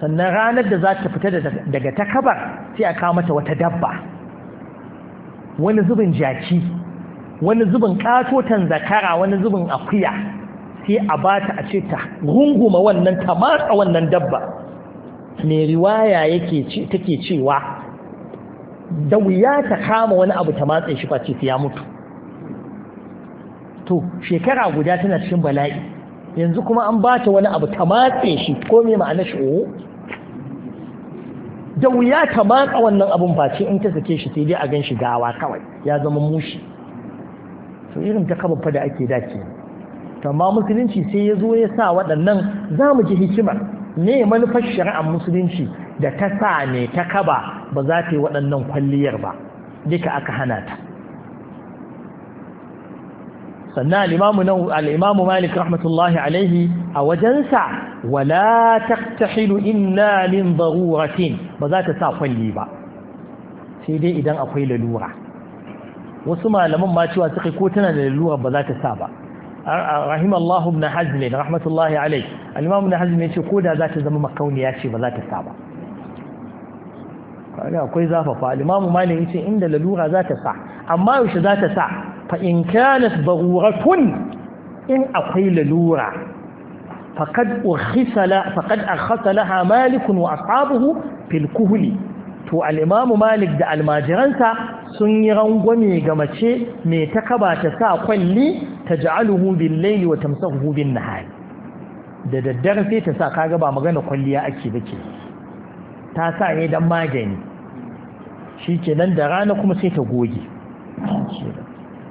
sannan ranar da za ta fita daga takabar sai a kawo mata wata dabba wani zubin jaki wani zubin ƙatotan zakara wani zubin akuya sai a bata a ce ta runguma wannan ta matsa wannan dabba mai riwaya yake take cewa da wuya ta kama wani abu ta matsa shi face ya mutu to shekara guda tana cikin bala'i yanzu kuma an ba ta wani abu ta matse shi ko me ma'ana shi o oh. da wuya ta matsa wannan abun face in ta sake shi sai dai a gan shi gawa kawai ya zama mushi to irin ta kaba da ake dakiya amma musulunci sai ya zo ya sa waɗannan za mu ji hikimar ne manufar shari'ar musulunci da ta sa ne ta kaba ba za ta yi waɗannan kwalliyar ba duka aka hana ta sannan al'imamu malik rahmatullahi alaihi a wajensa wala taktahilu inna lin daruratin ba za ta sa kwalli ba sai dai idan akwai lalura wasu malaman ma cewa suka ko tana da lalura ba za ta sa ba rahim Allah ibn Hazm rahmatullahi alayh al-Imam ibn Hazm yace ko da za ta zama makauniya ce ba za ta sa ba kaga akwai zafafa al-Imam Malik yace inda lalura za ta sa amma yaushe za ta sa fa in kanat baruratun in akwai lalura faqad urkhisa faqad laha Malik wa ashabuhu fil kuhli to al'imamu malik da almajiransa sun yi rangwame ga mace mai ta kaba ta sa kwalli ta ja'aluhu bin laili wa tamsahu na nahari da daddare sai ta sa kaga ba magana kwalliya ake bake ta sa ne dan magani shi nan da rana kuma sai ta goge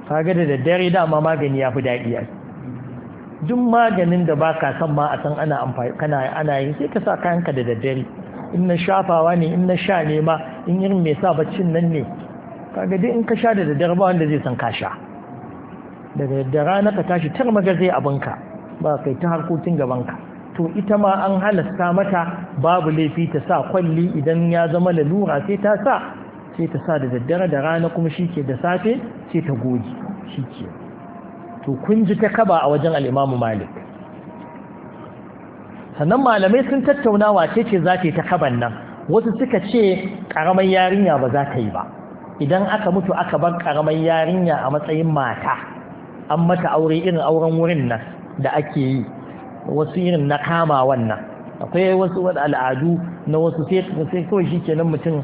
kaga da daddare dama magani ya fi daɗi duk maganin da baka san ma a san ana amfani kana ana yin sai ka sa kayanka da daddare in na shafawa ne in na sha ne ma in irin mai sa baccin nan ne kaga dai in ka sha da daddare ba wanda zai san ka sha daga daddare na ka tashi tar zai abinka ba kai ta harkokin gabanka to ita ma an halasta mata babu laifi ta sa kwalli idan ya zama lalura sai ta sa sai ta sa da daddare da rana kuma shike da safe sai ta goji shike to kun ji ta kaba a wajen al'imamu malik sannan malamai sun tattauna wace ce za ta yi ta kaban nan wasu suka ce ƙaramar yarinya ba za ta yi ba idan aka mutu aka bar ƙaramar yarinya a matsayin mata an mata aure irin auren wurin nan da ake yi wasu irin na kama wannan akwai wasu al'adu na wasu sai kawai shi kenan mutum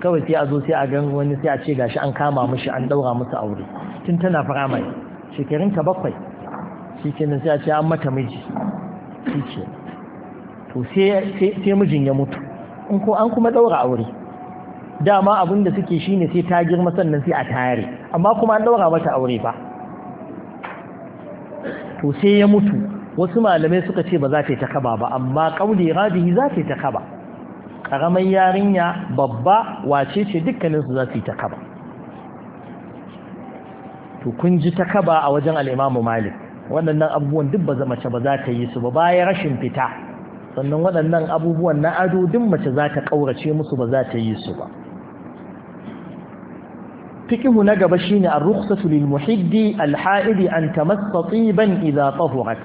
kawai sai a zo sai a gan wani sai a ce gashi an kama mishi an daura musu aure tun tana firamare shekarunta bakwai shi kenan sai a ce an mata miji shi kenan to sai mijin ya mutu in ko an kuma ɗaura aure dama abin da suke shine sai ta girma sannan sai a tare amma kuma an ɗaura mata aure ba to sai ya mutu wasu malamai suka ce ba za ta yi ba amma ƙauli rajihi za ta yi ta kaba ƙaramar yarinya babba wace ce dukkaninsu za su yi ta to kun ji ta a wajen al'imamu malik waɗannan abubuwan duk ba mace ba za ta yi su ba baya rashin fita sannan waɗannan abubuwan na ado duk mace za ta ƙaurace musu ba za ta yi su ba fikihu na gaba shine ar-rukhsatu lil muhiddi al-ha'idi an tamassa tiban idza tahurat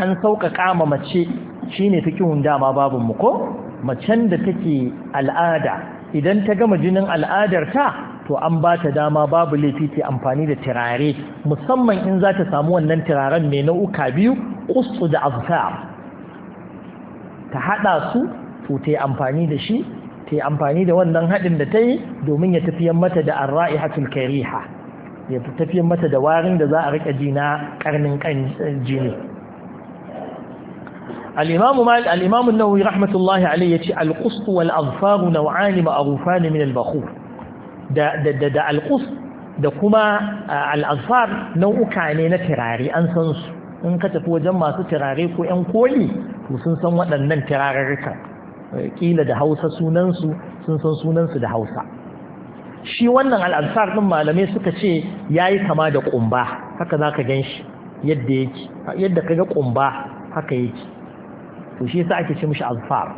an sauƙaƙa kama mace shine fikihun dama babu mu ko macen da take al'ada idan ta gama jinin al'adar ta to an ba ta dama babu laifi ta amfani da tirare, musamman in za ta samu wannan tiraren mai nau'uka biyu kustu da azkar ta haɗa su to ta yi amfani da shi ta yi amfani da wannan haɗin da ta yi domin ya tafiyan mata da rai arra'ihatul kariha ya tafiyan mata da warin da za a riƙa jina na ƙarnin eh, jini الإمام مال الإمام النووي رحمة الله عليه يتي القسط والأظفار نوعان معروفان من البخور da da da da alqus da kuma eh, al'azfar nau'uka ne na kirare an san su in ka tafi wajen masu turare ko 'yan koli to sun san waɗannan turarurruka eh, ƙila da hausa sunansu sun san sunansu da hausa shi wannan al'ansar ɗin malamai suka ce ya yi kama da ƙumba haka za ka gan yadda yake yadda ka ga ƙumba haka yake to shi yasa ake ce mishi alfar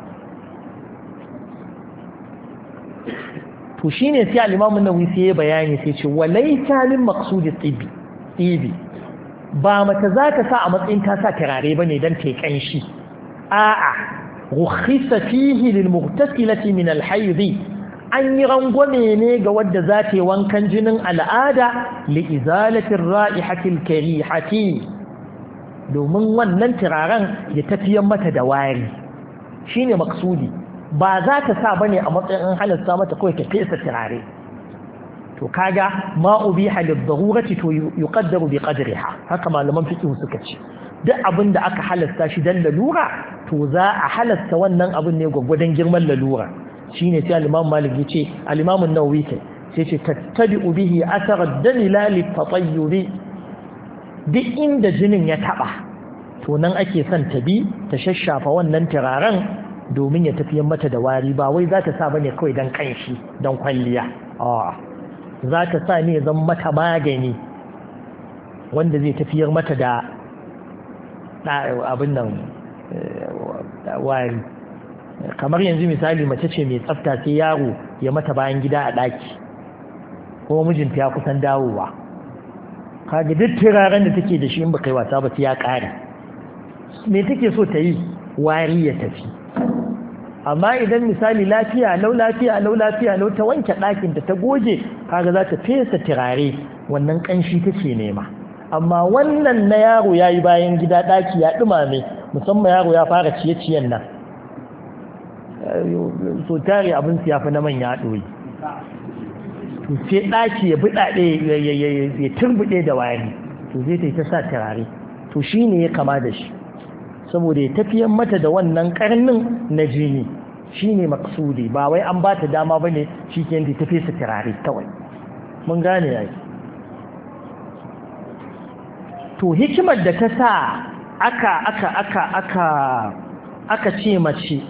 to shine sai al-imamu nawawi sai ya bayani sai ce walaita min maqsudi tibi tsibi. ba mace za ka sa a matsayin ta sa turare ba ne don ta ƙanshi a'a rukhisa fihi lil na min al an yi rangwame ne ga wadda za ta yi wankan jinin al'ada li izalatin ra'ihatil karihati domin wannan turaren ya tafiyar mata da wari Shi ne maksudi ba za ta sa bane a matsayin an halasta mata kawai ta fesa turare to kaga ma ubiha liddarurati to yuqaddaru bi qadriha haka malaman fiqh suka ce duk abin da aka halasta shi dan lalura to za a halasta wannan abin ne gwagwadon girman lalura shine sai al-imam malik ce al-imam an-nawawi ce sai ce tattabi bihi athar ad tatayyuri inda jinin ya taba to nan ake son ta bi ta shashafa wannan turaren domin ya tafi mata da wari ba wai za ta sa bane kawai dan kanshi dan kwalliya za ta sa ne zan mata magani wanda zai tafiyar mata da abin nan eh, wari kamar yanzu misali mace ce mai tsafta sai yaro ya mata bayan gida a ɗaki kuma mijinta ya kusan dawowa kaga duk turaren da take da shi in ba kai wasa ba sai ya ƙare me take so ta yi wari ya tafi amma idan misali lafiya lau lafiya lau lafiya lau ta wanke ɗakin ta goge kaga za ta fesa turare wannan ƙanshi take nema amma wannan na yaro ya yi bayan gida ɗaki ya ɗumame musamman yaro ya fara ciye-ciyen nan so tare abin ya fi na manya ɗoyi to sai ɗaki ya buɗaɗe ya turbuɗe da wari to zai ta yi ta sa turare to shi ne ya kama da shi saboda ya tafiyar mata da wannan karnin na jini shine maksudi ba wai an ba ta dama ba ne bane yadda ya tafi su turare kawai mun gane yayi to hikimar da ta sa aka aka aka aka aka ce mace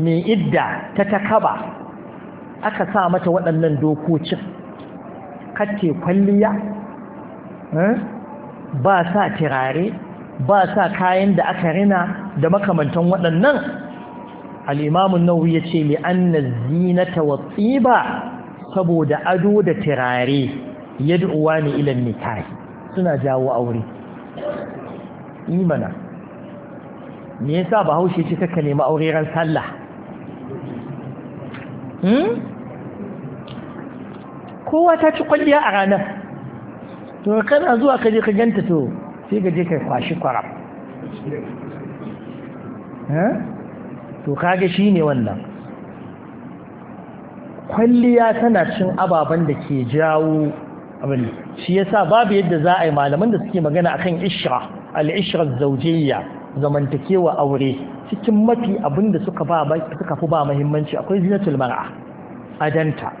mai idda ta kaba aka sa mata waɗannan dokocin katte kwalliya eh, ba sa tirare ba sa kayan da aka rina da makamantan waɗannan al'imamun nau'i ya ce mai zina zinata watsi ba. saboda ado da turare yad'uwa ne ilan nikahi suna jawo aure imana me yasa ba haushe ce kaka nemi aure ran sallah hmm? kowa ta ci kwalliya a ranar to kana zuwa kaje ka ganta to sai gaje kai kwashi kwaram to kage shi ne wannan kwalliya tana cin ababen da ke jawo abin shi yasa babu yadda za a yi malaman da suke magana a kan ishira. ishra zawjiyya zamantakewa aure cikin mafi abin da suka fi ba mahimmanci akwai zinatul mar'a adanta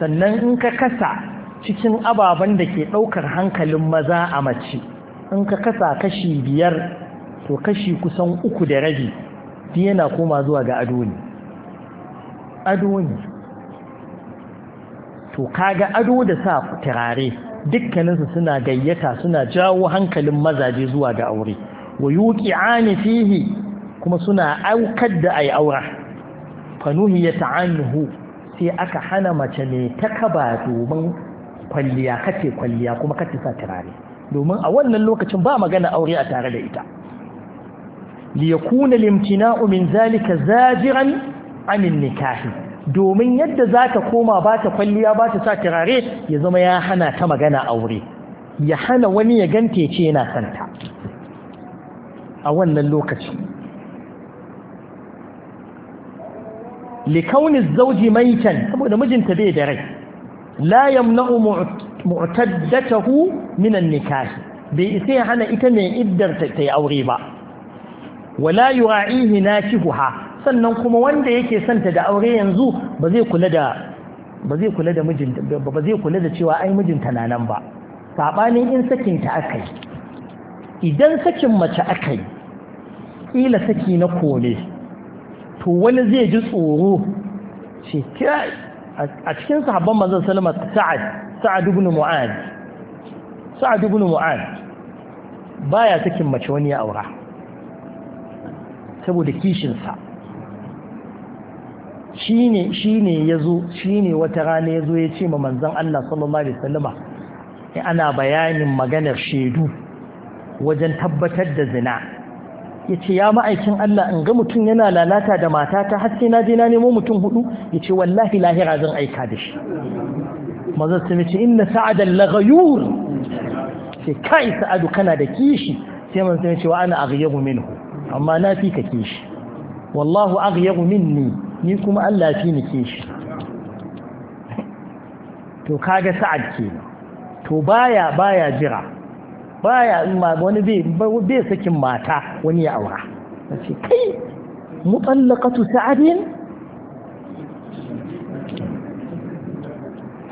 sannan in ka kasa cikin ababen da ke ɗaukar hankalin maza a mace in ka kasa kashi biyar to kashi kusan uku da rabi yana koma zuwa ga ado ne ado ne to kaga ado da sa turare dukkaninsu suna gayyata suna jawo hankalin mazaje zuwa ga aure wa yuki ani fihi kuma suna aukar da ai aura fanuhi ya ta'annuhu sai aka hana mace ne ta kaba domin kwalliya kace kwalliya kuma kace sa turare domin a wannan lokacin ba magana aure a tare da ita li yakuna limtina'u min zalika zajiran amin nikahi domin yadda zaka koma ba ta kwalliya ba ta sa turare ya zama ya hana ta magana aure ya hana wani ya gante ce yana santa a wannan lokaci likaunin zauji maitan saboda mijinta bai da rai la yamna'u mu'taddatahu min an-nikah bai sai hana ita ne iddar ta yi aure ba wala yura'ihi sannan kuma wanda yake santa da aure yanzu ba zai kula da ba zai kula da mijin ba zai kula da cewa ai mijinta na nan ba sabanin in sakin ta akai idan sakin mace akai kila saki na kole to wani zai ji tsoro ce kai a cikin sahabban manzon sallama sa'ad sa'ad ibn mu'ad sa'ad ibn mu'ad baya sakin mace wani ya aura saboda kishinsa shi ne shine yazo shine wata rana ya zo ya ce ma manzon Allah sallallahu alaihi wasallama ana bayanin maganar shaidu wajen tabbatar da zina ya ce ya ma'aikin Allah in ga mutum yana lalata da matata har sai na jina nemo mutum hudu ya ce wallahi lahira zan aika da shi mazar su ce inna sa'adar lagayur ce kai sa'adu kana da kishi sai man sun ce wa ana aghyabu minhu amma na fi ka kishi wallahu aghyabu minni ni kuma Allah fi ni kishi to kaga sa'ad ke to baya baya jira baya in ma wani bai sakin mata wani ya aura na kai mutallaqatu sa'adin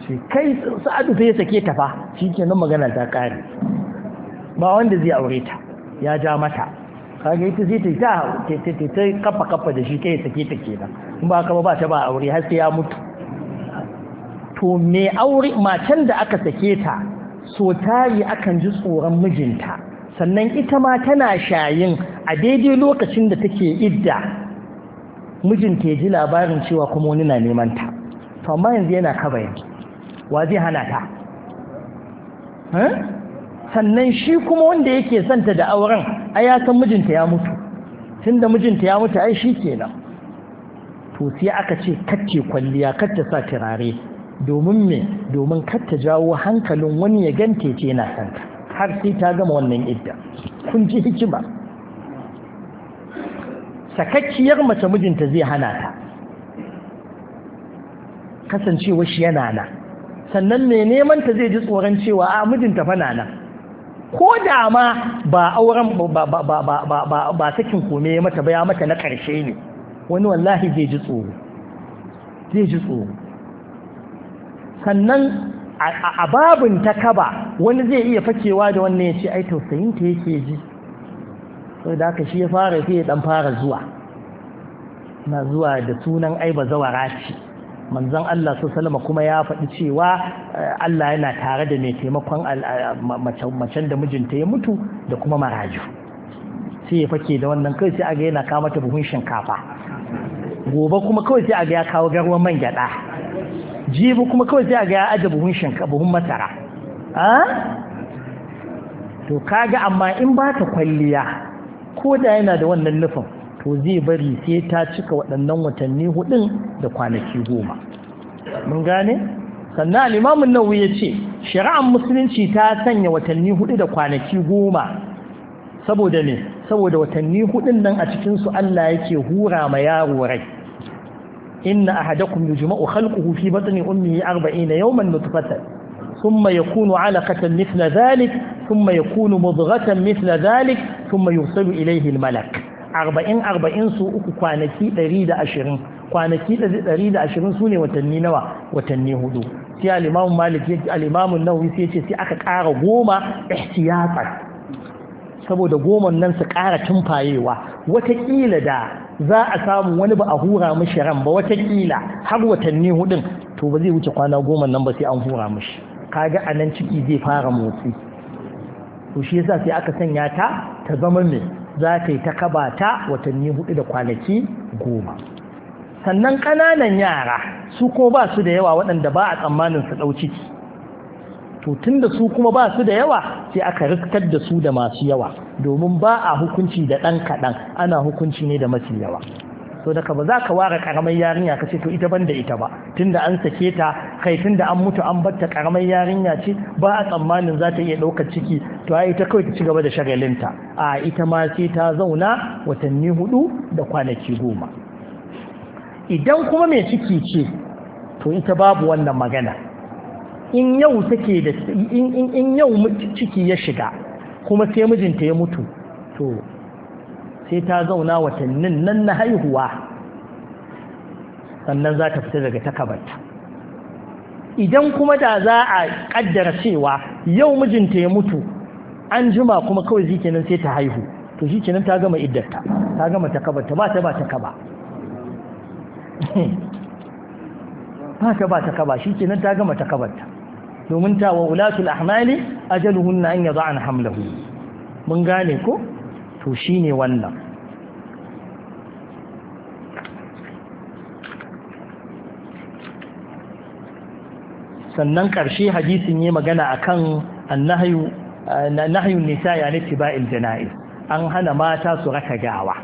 ce kai sa'adu sai ya sake ta fa shikenan magana ta kare ba wanda zai aure ta ya ja mata kage ita zai ta ta ta kafa kafa da shi kai sake ta kenan in ba ka ba ta ba aure har sai ya mutu to me aure macen da aka sake ta so akan ji tsoron mijinta sannan ita ma tana shayin a daidai lokacin da take idda mijinta ya ji labarin cewa kuma wani na neman ta to amma yanzu yana kaba yanzu wa zai hana ta sannan shi kuma wanda yake santa da auren a ya san mijinta ya mutu tun da mijinta ya mutu ai shi kenan to sai aka ce kacce kwalliya kacce sa turare domin me domin kar ta jawo hankalin wani ya gante ce yana sanka har sai ta gama wannan idda kun ji hikima sakacciyar mace mijinta zai hana ta kasancewa shi yana nan sannan mai neman ta zai ji tsoron cewa a mijinta fa na nan ko da ma ba auren ba sakin kome mata ba ya mata na ƙarshe ne wani wallahi zai ji tsoro zai ji tsoro sannan a babin ta kaba wani zai iya fakewa da wannan ya ce ai tausayin ta yake ji Sai da aka shi ya fara sai ya dan fara zuwa na zuwa da sunan ai ba zawara ce manzon Allah alaihi salama kuma ya faɗi cewa eh, Allah yana tare da mai taimakon macen da mijinta ya mutu da kuma maraju sai ya fake da wannan kai sai aga yana kawo mata buhun shinkafa gobe kuma kawai sai aga ya kawo garwan man gyada. jibi kuma kawai sai a ga ya aje buhun shinkafa buhun masara to kaga amma in ba ta kwalliya ko da yana da wannan nufin to zai bari sai ta cika waɗannan watanni hudun da kwanaki goma mun gane sannan alimamin nawawi ya ce shari'ar musulunci ta sanya watanni hudu da kwanaki goma saboda ne saboda watanni hudun nan a cikinsu allah yake hura ma yaro rai inna ahadakum yujma'u khalquhu fi batni ummihi 40 yawman nutfatan thumma yakunu 'alaqatan mithla dhalik thumma yakunu mudghatan mithla dhalik thumma yursalu ilayhi al-malak 40 40 su uku kwanaki 120 kwanaki 120 sune watanni nawa watanni hudu sai al-imam malik yace al-imam an sai yace sai aka kara goma ihtiyatan saboda goman nan su kara tumfayewa wata kila da za a samu wani ba a hura mishi ran ba watakila har watanni hudun to ba zai wuce kwana goma nan ba sai an hura mishi kaga a nan ciki zai fara motsi to shi yasa sai aka sanya ta ta zama mai za ta yi ta kaba ta watanni hudu da kwanaki goma sannan ƙananan yara su ko ba su da yawa waɗanda ba a tsammanin su ɗau ciki to tun da su kuma ba su da yawa sai aka riskar da su da masu yawa domin ba a hukunci da ɗan kaɗan ana hukunci ne da mafi yawa to daga ba za ka ware karamar yarinya ka ce to ita ban da ita ba tunda an sake ta kai tunda an mutu an batta karamar yarinya ce ba a tsammanin za ta iya ɗaukar ciki to ai ita kawai ta ci gaba da shagalinta a ita ma sai ta zauna watanni hudu da kwanaki goma idan kuma mai ciki ce to ita babu wannan magana in yau take da in yau ciki ya shiga kuma sai mijinta ya mutu to sai ta zauna watannin nan na haihuwa sannan za ta fita daga takabarta idan kuma da za a kaddara cewa yau mijinta ya mutu an jima kuma kawai zike nan sai ta haihu to shi kenan ta gama iddarta ta gama takabarta ba ta ba ta kaba ba ta ba ta kaba shi kenan ta gama takabarta domin ta wa ulatul ahmali ajaluhunna an yada'na hamlahu mun gane ko to shine wannan sannan ƙarshe hadisin yi magana akan kan nahayun nisa ya nufi ba'il jana'iz an hana mata su raka gawa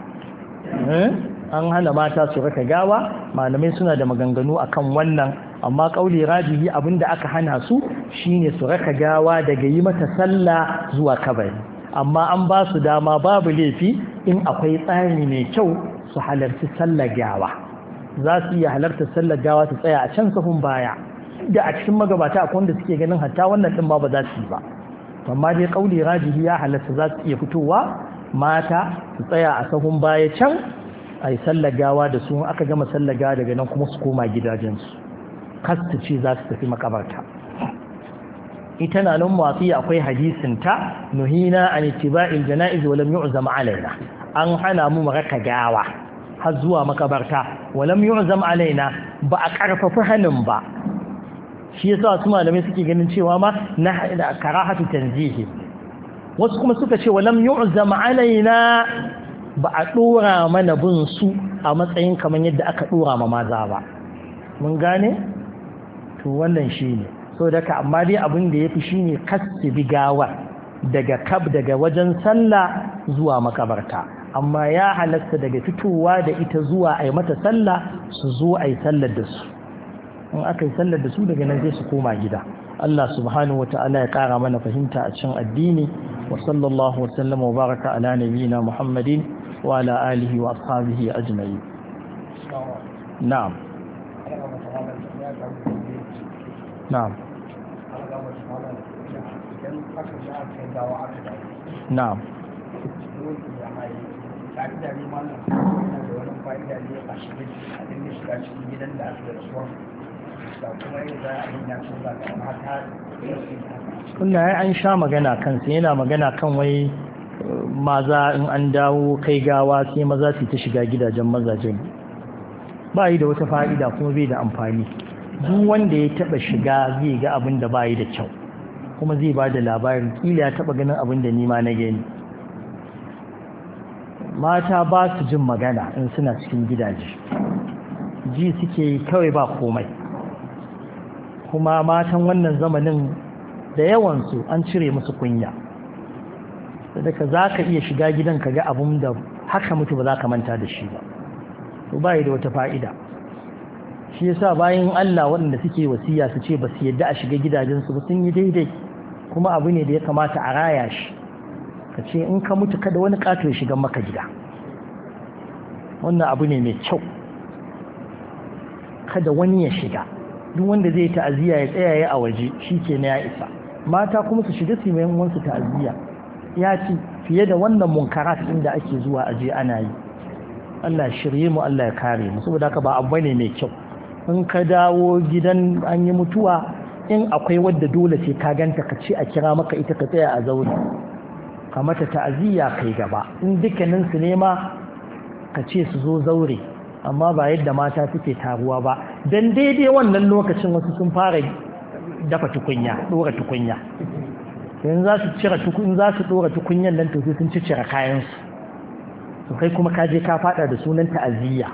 eh? an hana mata su raka gawa malamai suna da maganganu akan wannan amma kauli rajihi abinda aka hana su shine su raka gawa daga yi mata sallah zuwa kabari amma an ba su dama babu laifi in akwai tsari mai kyau su halarci sallar gawa za su iya halarta sallar gawa su tsaya a can sahun baya da a cikin magabata akwai wanda suke ganin hatta wannan din ba ba za su yi ba amma dai kauli rajihi ya halarta za su iya fitowa mata su tsaya a sahun baya can a yi sallagawa da su aka gama sallagawa daga nan kuma su koma gidajensu kasu ce za su tafi makabarta ita na nan watsi akwai hadisin ta nuhina an ittiba'il janaiz wa lam yu'zam alaina an hana mu maraka gawa har zuwa makabarta wa lam yu'zam alaina ba a karfafa hanin ba shi yasa su malamai suke ganin cewa ma na karahatu tanzihi wasu kuma suka ce wa lam yu'zam alaina ba a ɗora mana bin su a matsayin kamar yadda aka ɗora ma maza ba mun gane to wannan shi ne so daga amma dai abin da ya fi shi ne bi gawar daga kab daga wajen sallah zuwa makabarta amma ya halasta daga fitowa da ita zuwa a yi mata sallah su zo a yi sallar da su in aka yi sallar da su daga nan zai su koma gida Allah subhanahu wata'ala ya kara mana fahimta a cikin addini wa sallallahu wa sallama wa baraka ala nabiyina Muhammadin wa ala alihi wa ashabihi ajma'in na'am نعم نعم kuna ya an sha magana kansa yana magana kan wai uh, maza in an dawo kai gawa sai maza su ta shiga gidajen mazajen ba yi da wata fa'ida kuma bai da amfani duk wanda ya taba shiga zai ga abin da bayi da kyau kuma zai ba da labarin kila ya taba ganin abin da nima na gani mata ba su jin magana in suna cikin gidaje ji suke kawai ba komai kuma matan wannan zamanin da yawansu an cire musu kunya daga za ka iya shiga gidan ka ga abin da haka mutu ba za ka manta da shi ba ba yi da wata fa'ida shi yasa bayan Allah waɗanda suke wasiya su ce ba su yadda a shiga gidajensu ba sun yi daidai kuma abu ne da ya kamata a raya shi ka ce in ka mutu kada wani ƙato ya shiga maka gida wannan abu ne mai kyau kada wani ya shiga duk wanda zai ta'aziyya ya tsaya ya a waje shi ke na ya isa mata kuma su shiga su mai wansu ta'aziyya ya ce fiye da wannan munkarat inda ake zuwa aje ana yi Allah shirye mu Allah ya kare mu saboda haka ba abu ne mai kyau in ka dawo gidan an yi mutuwa in akwai wadda dole ce ka ganta ka ce a kira maka ita ka tsaya a zaune ka mata ta'aziyya kai gaba in dukkanin su ne ma ka ce su zo zaure amma ba yadda mata suke taruwa ba dan daidai wannan lokacin wasu sun fara dafa tukunya dora tukunya in za su cire tukun za su dora tukunyan nan to sun ci cire kayan su kai kuma ka je ka fada da sunan ta'aziyya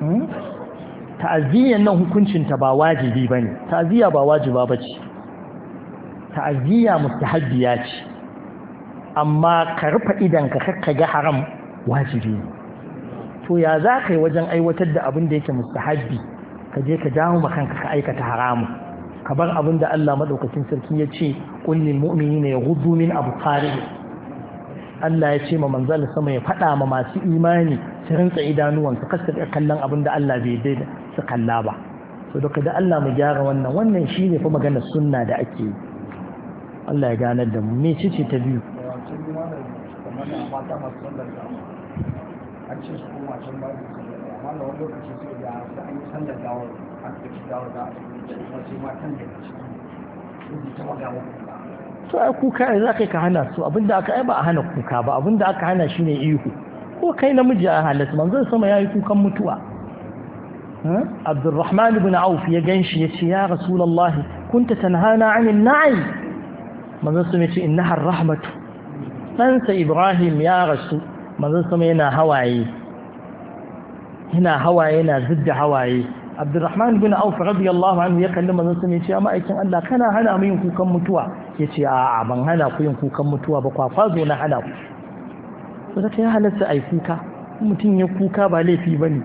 hmm? ta'aziyyar nan hukuncinta ba wajibi ba ne ta'aziyya ba wajiba ba ce ta'aziyya mustahabbiya ce amma ka rufe ka kakka ga haram wajibi ne to ya za ka yi wajen aiwatar da abin da yake mustahabbi ka je ka jawo ma kanka ka aikata haramu ka bar abin da Allah madaukakin sarki ya ce kullil mu'minina yaghuddu min absarihim Allah ya ce ma manzal sama ya faɗa ma masu imani su rinsa su kasta kallon abin da Allah bai daida su kalla ba so da da Allah mu gyara wannan wannan shi ne fa magana sunna da ake yi Allah ya ganar da mu me ce ce ta biyu to ai kuka za kai ka hana su abinda aka ai ba a hana kuka ba abinda aka hana shine ihu ko kai namiji a halatta manzon sama yayi kukan mutuwa Abdulrahman ibn Auf ya ganshi ya ce ya Rasulullahi kunta tanhana anil na'i manzon su ce innaha rahmatu ɗansa Ibrahim ya rasu manzon su yana hawaye yana hawaye yana zidda hawaye Abdurrahman ibn Auf radiyallahu anhu ya kalli manzon su ce ya ma'aikin Allah kana hana mu yin kukan mutuwa yace a'a ban hana ku yin kukan mutuwa ba kwakwazo na hana ku sai ya halatta ai kuka mutum ya kuka ba laifi bane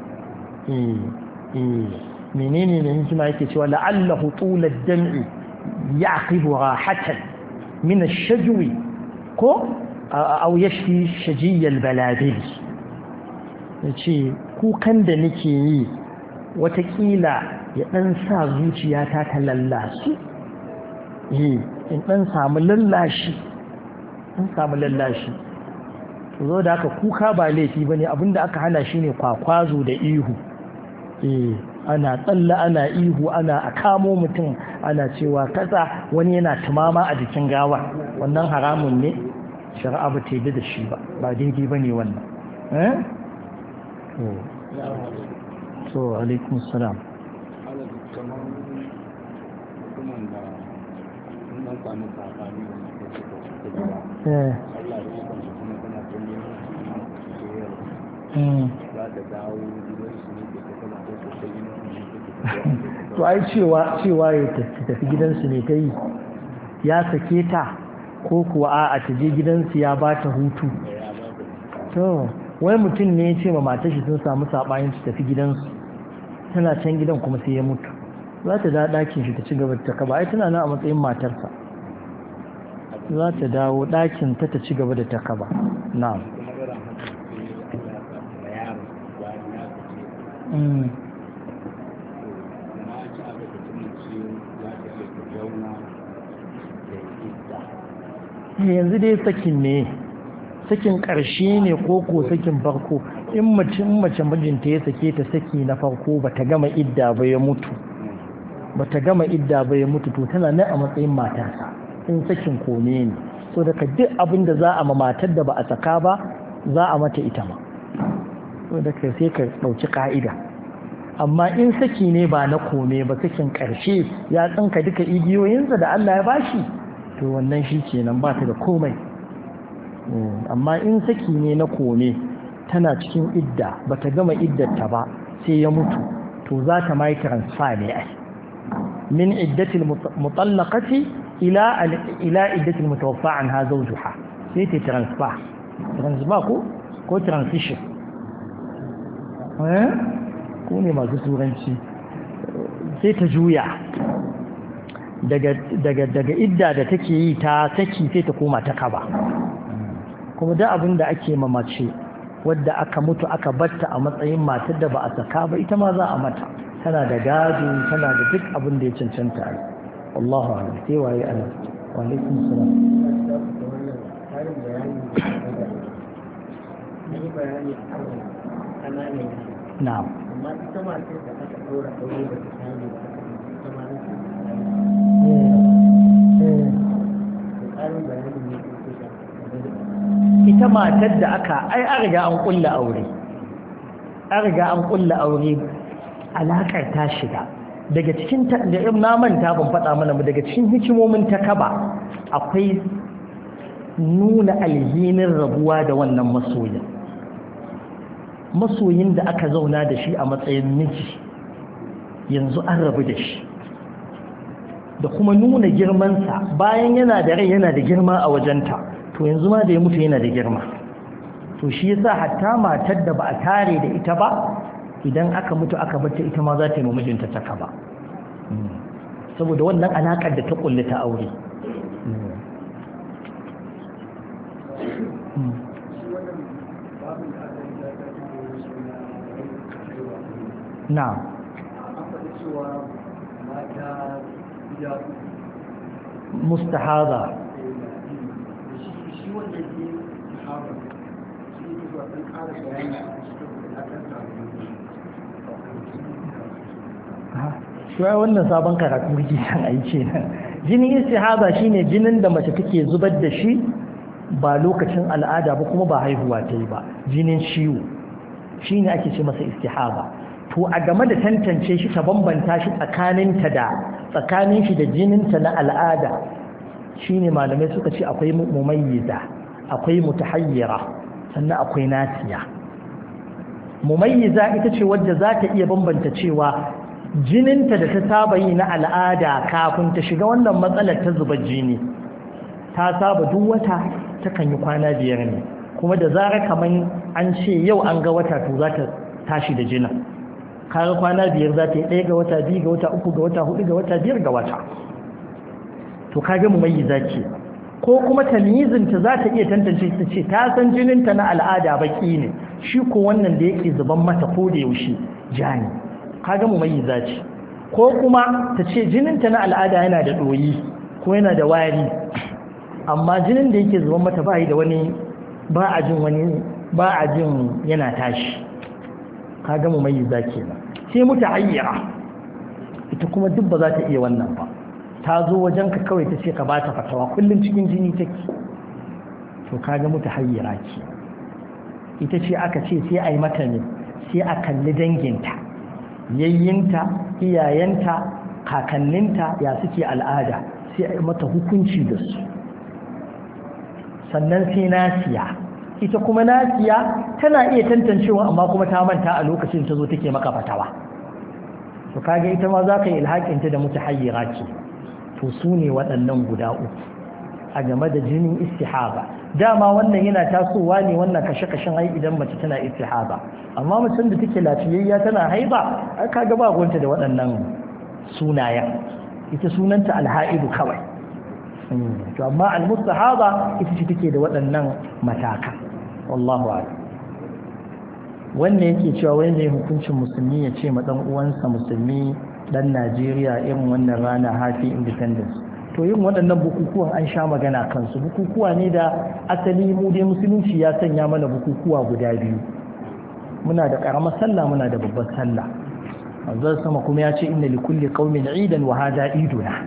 Mm. Mm. menene ne hikima yake cewa la'allahu tulad dam'i yaqibu rahatan min ash-shajwi ko aw yashfi shajiy al-balabil yace kukan da nake yi watakila ya dan sa zuciyata ta lallashi eh in dan samu lallashi in samu lallashi zo da haka kuka ba laifi bane abinda aka hana shine kwakwazo da ihu Eh, ana tsalla ana ihu ana a kamo mutum ana cewa katsa wani yana tumama a jikin gawa wannan haramun ne shari'a ba ta yi da shi ba ba daidai ba ne wannan so eh? alaikun salam Mm. to ai cewa cewa ya tafi gidansu ne ta yi ya sake ta ko kuwa a ta je gidansu ya ba ta hutu to wai mutum ne ya ce ma mata shi sun samu saɓayin su tafi gidansu tana can gidan kuma sai ya mutu za ta da ɗakin shi ta ci gaba ta kaba ai tana nan a matsayin matarsa za ta dawo ɗakin ta ta ci gaba da ta kaba na'am yanzu dai sakin ne sakin ƙarshe ne ko ko sakin farko in mace mace mijinta ya sake ta saki na farko bata gama idda ba ya mutu bata gama idda ba ya mutu to tana nan a matsayin matarsa in sakin kome ne so daga duk abin da za a ma matar da ba a saka ba za a mata ita ma so daga sai ka ɗauki ka'ida amma in saki ne ba na kome ba sakin ƙarshe ya tsinka duka igiyoyinsa da Allah ya bashi to wannan shi kenan ba ta da komai amma in saki ne na kome tana cikin idda ba ta gama iddarta ba sai ya mutu to za ta yi transfer ne ai min iddatil mutallaqati ila ila iddatil mutawaffa anha zawjuha sai ta transfer transfer ko ko transition eh ko ne masu turanci sai ta juya daga idda da take yi ta saki sai ta koma ta kaba kuma da abin da ake mamace wadda aka mutu aka batta a matsayin matar da ba a saka ba ita ma za a mata tana da gado tana da duk abin da ya cancanta a Allahu ala sai waye ala wa alaikum salam na'am amma ita ma sai da aka dora aure da ita matar da aka ai an riga an kulla aure an riga an kulla aure alakar ta shiga daga cikin da na manta ban faɗa mana ba daga cikin hikimomin ta kaba akwai nuna alhinin rabuwa da wannan masoyin masoyin da aka zauna da shi a matsayin miji yanzu an rabu da shi da kuma nuna girmansa bayan yana da rai yana da girma a wajenta to yanzu ma da ya mutu yana da girma to shi yasa hatta matar da ba a tare da ita ba idan aka mutu aka bata ita ma za ta yi mamijinta ta kaba hmm. saboda wannan alaƙar da ta kulle ta aure hmm. hmm. na mustahada shiwa wannan sabon karatu rikitan aiki jinin istihaza shine jinin da mace take zubar da shi ba lokacin al'ada ba kuma ba haihuwa ta yi ba jinin ciwo shine ake ce masa istihaza? to a game da tantance shi ta bambanta shi tsakaninta da tsakanin shi da jininta na al'ada shine malamai suka ce akwai mumayyiza akwai mutahayyira sannan akwai nasiya mumayyiza ita ce wadda za ta iya bambanta cewa jininta da ta saba yi na al'ada kafin ta shiga wannan matsalar ta zuba jini ta saba duk wata kan yi kwana biyar ne kuma da zara kamar an ce yau an ga wata to za ta tashi da jinin kayan kwana biyar za ta yi ɗaya ga wata biyu ga wata uku ga wata hudu ga wata biyar ga wata to kaga mu mai ce ko kuma tamyizinta za ta iya tantance ta ce ta san jininta na al'ada baki ne shi ko wannan da yake zuban mata ko da yaushe ja ne kaga mu mai ce ko kuma ta ce jininta na al'ada yana da ɗoyi ko yana da wari amma jinin da yake zuban mata ba a yi ba a jin wani ba a jin yana tashi ka kaga mumayyiza kenan sai ayyara ita kuma duk ba za ta iya wannan ba ta zo wajen ka kawai ta ce ka ba ta fatawa kullum cikin jini take to ka ga mutu hayyara ce ita ce aka ce sai a yi mata ne sai a kalli danginta yayyinta iyayenta kakanninta ya suke al'ada sai a yi mata hukunci da su sannan sai nasiya ita kuma nasiya tana iya tantancewa amma kuma ta manta a lokacin ta zo take maka fatawa to kage ita ma za ka yi ilhaƙinta da mutahayyira ce to su ne waɗannan guda uku a game da jinin istihaba dama wannan yana tasowa ne wannan kashe-kashen ai idan mace tana istihaba amma mutum da take lafiyayya tana haiba ka ga ba da waɗannan sunayen ita sunanta alha'idu kawai hmm, to amma almustahaba ita ce take da waɗannan matakan wallahu a'lam wannan yake cewa wani ne hukuncin musulmi ya ce ma dan uwansa musulmi dan Najeriya irin wannan rana hafi independence to yin waɗannan bukukuwan an sha magana kansu bukukuwa ne da asali mu dai musulunci ya sanya mana bukukuwa guda biyu muna da ƙaramar sallah muna da babbar sallah manzon sama kuma ya ce inna likulli qaumin idan wa hada iduna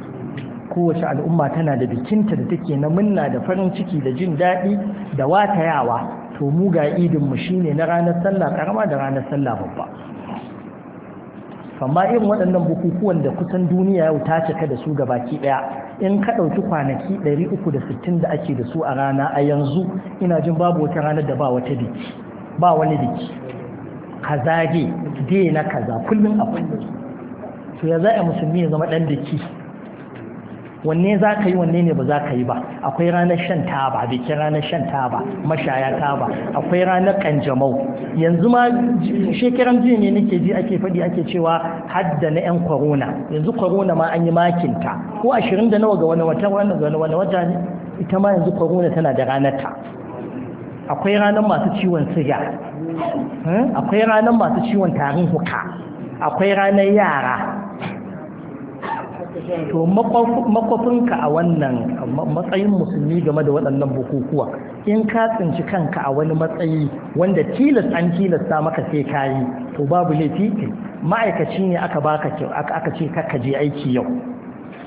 kowace al'umma tana da bikinta da take na munna da farin ciki da jin daɗi da watayawa to mu ga idinmu shine na ranar sallah karama da ranar sallah babba amma irin waɗannan bukukuwan da kusan duniya yau ta cika da su ga baki ɗaya in ka ɗauki kwanaki 360 da ake da su a rana a yanzu ina jin babu wata ranar da ba wata biki ba wani biki kaza dai na kaza kullum a kullum to ya za musulmi ya zama ɗan biki wanne za ka yi wanne ne ba za ka yi ba akwai ranar shan taba bikin ranar shan taba mashaya taba akwai ranar kanjamau yanzu ma shekaran jiya ne nake ji ake faɗi ake cewa hadda na yan corona yanzu corona ma an yi makinta ko ashirin da nawa ga wani wata wani wata ne ita ma yanzu corona tana da ranar ta akwai ranar masu ciwon siga hmm? akwai ranar masu ciwon tarin huka akwai ranar yara to makwafinka a wannan matsayin musulmi game da waɗannan bukukuwa in ka tsinci kanka a wani matsayi wanda tilas an tilasta maka sai ka yi to babu laifi ma'aikaci ne aka baka aka ce kakka je aiki yau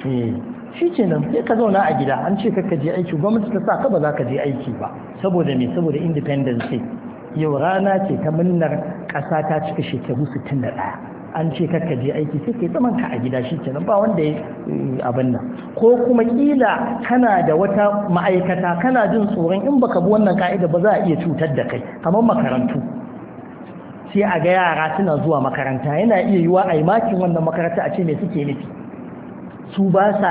eh, shi ce nan sai ka zauna a gida an ce kakka je aiki gwamnati ta sa ka ba za ka je aiki ba saboda me saboda independence yau rana ce ta munnar ƙasa ta cika shekaru 61 an ce kar ka je aiki sai kai zaman ka a gida shi kenan ba wanda ya eh, abin nan ko kuma kila kana da wata ma'aikata kana jin tsoron in baka bi wannan ka'ida ba za a iya cutar da kai kamar makarantu sai a ga yara suna zuwa makaranta yana iya yiwa a yi makin wannan makaranta a ce me suke nufi su ba sa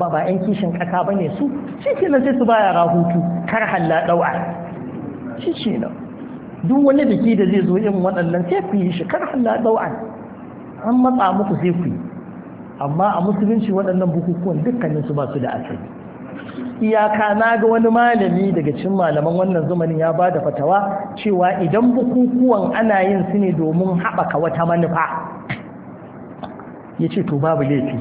ba yan kishin kasa ba ne su shi kenan sai su ba yara hutu kar halla ɗau'a shi kenan duk wani biki da zai zo yin waɗannan sai ku yi shi kar halla ɗau'a an matsa muku sai ku amma a musulunci waɗannan bukukuwan dukkanin su ba su da asali iyaka na ga wani malami daga cikin malaman wannan zamanin ya ba da fatawa cewa idan bukukuwan ana yin su ne domin haɓaka wata manufa ya ce to babu laifi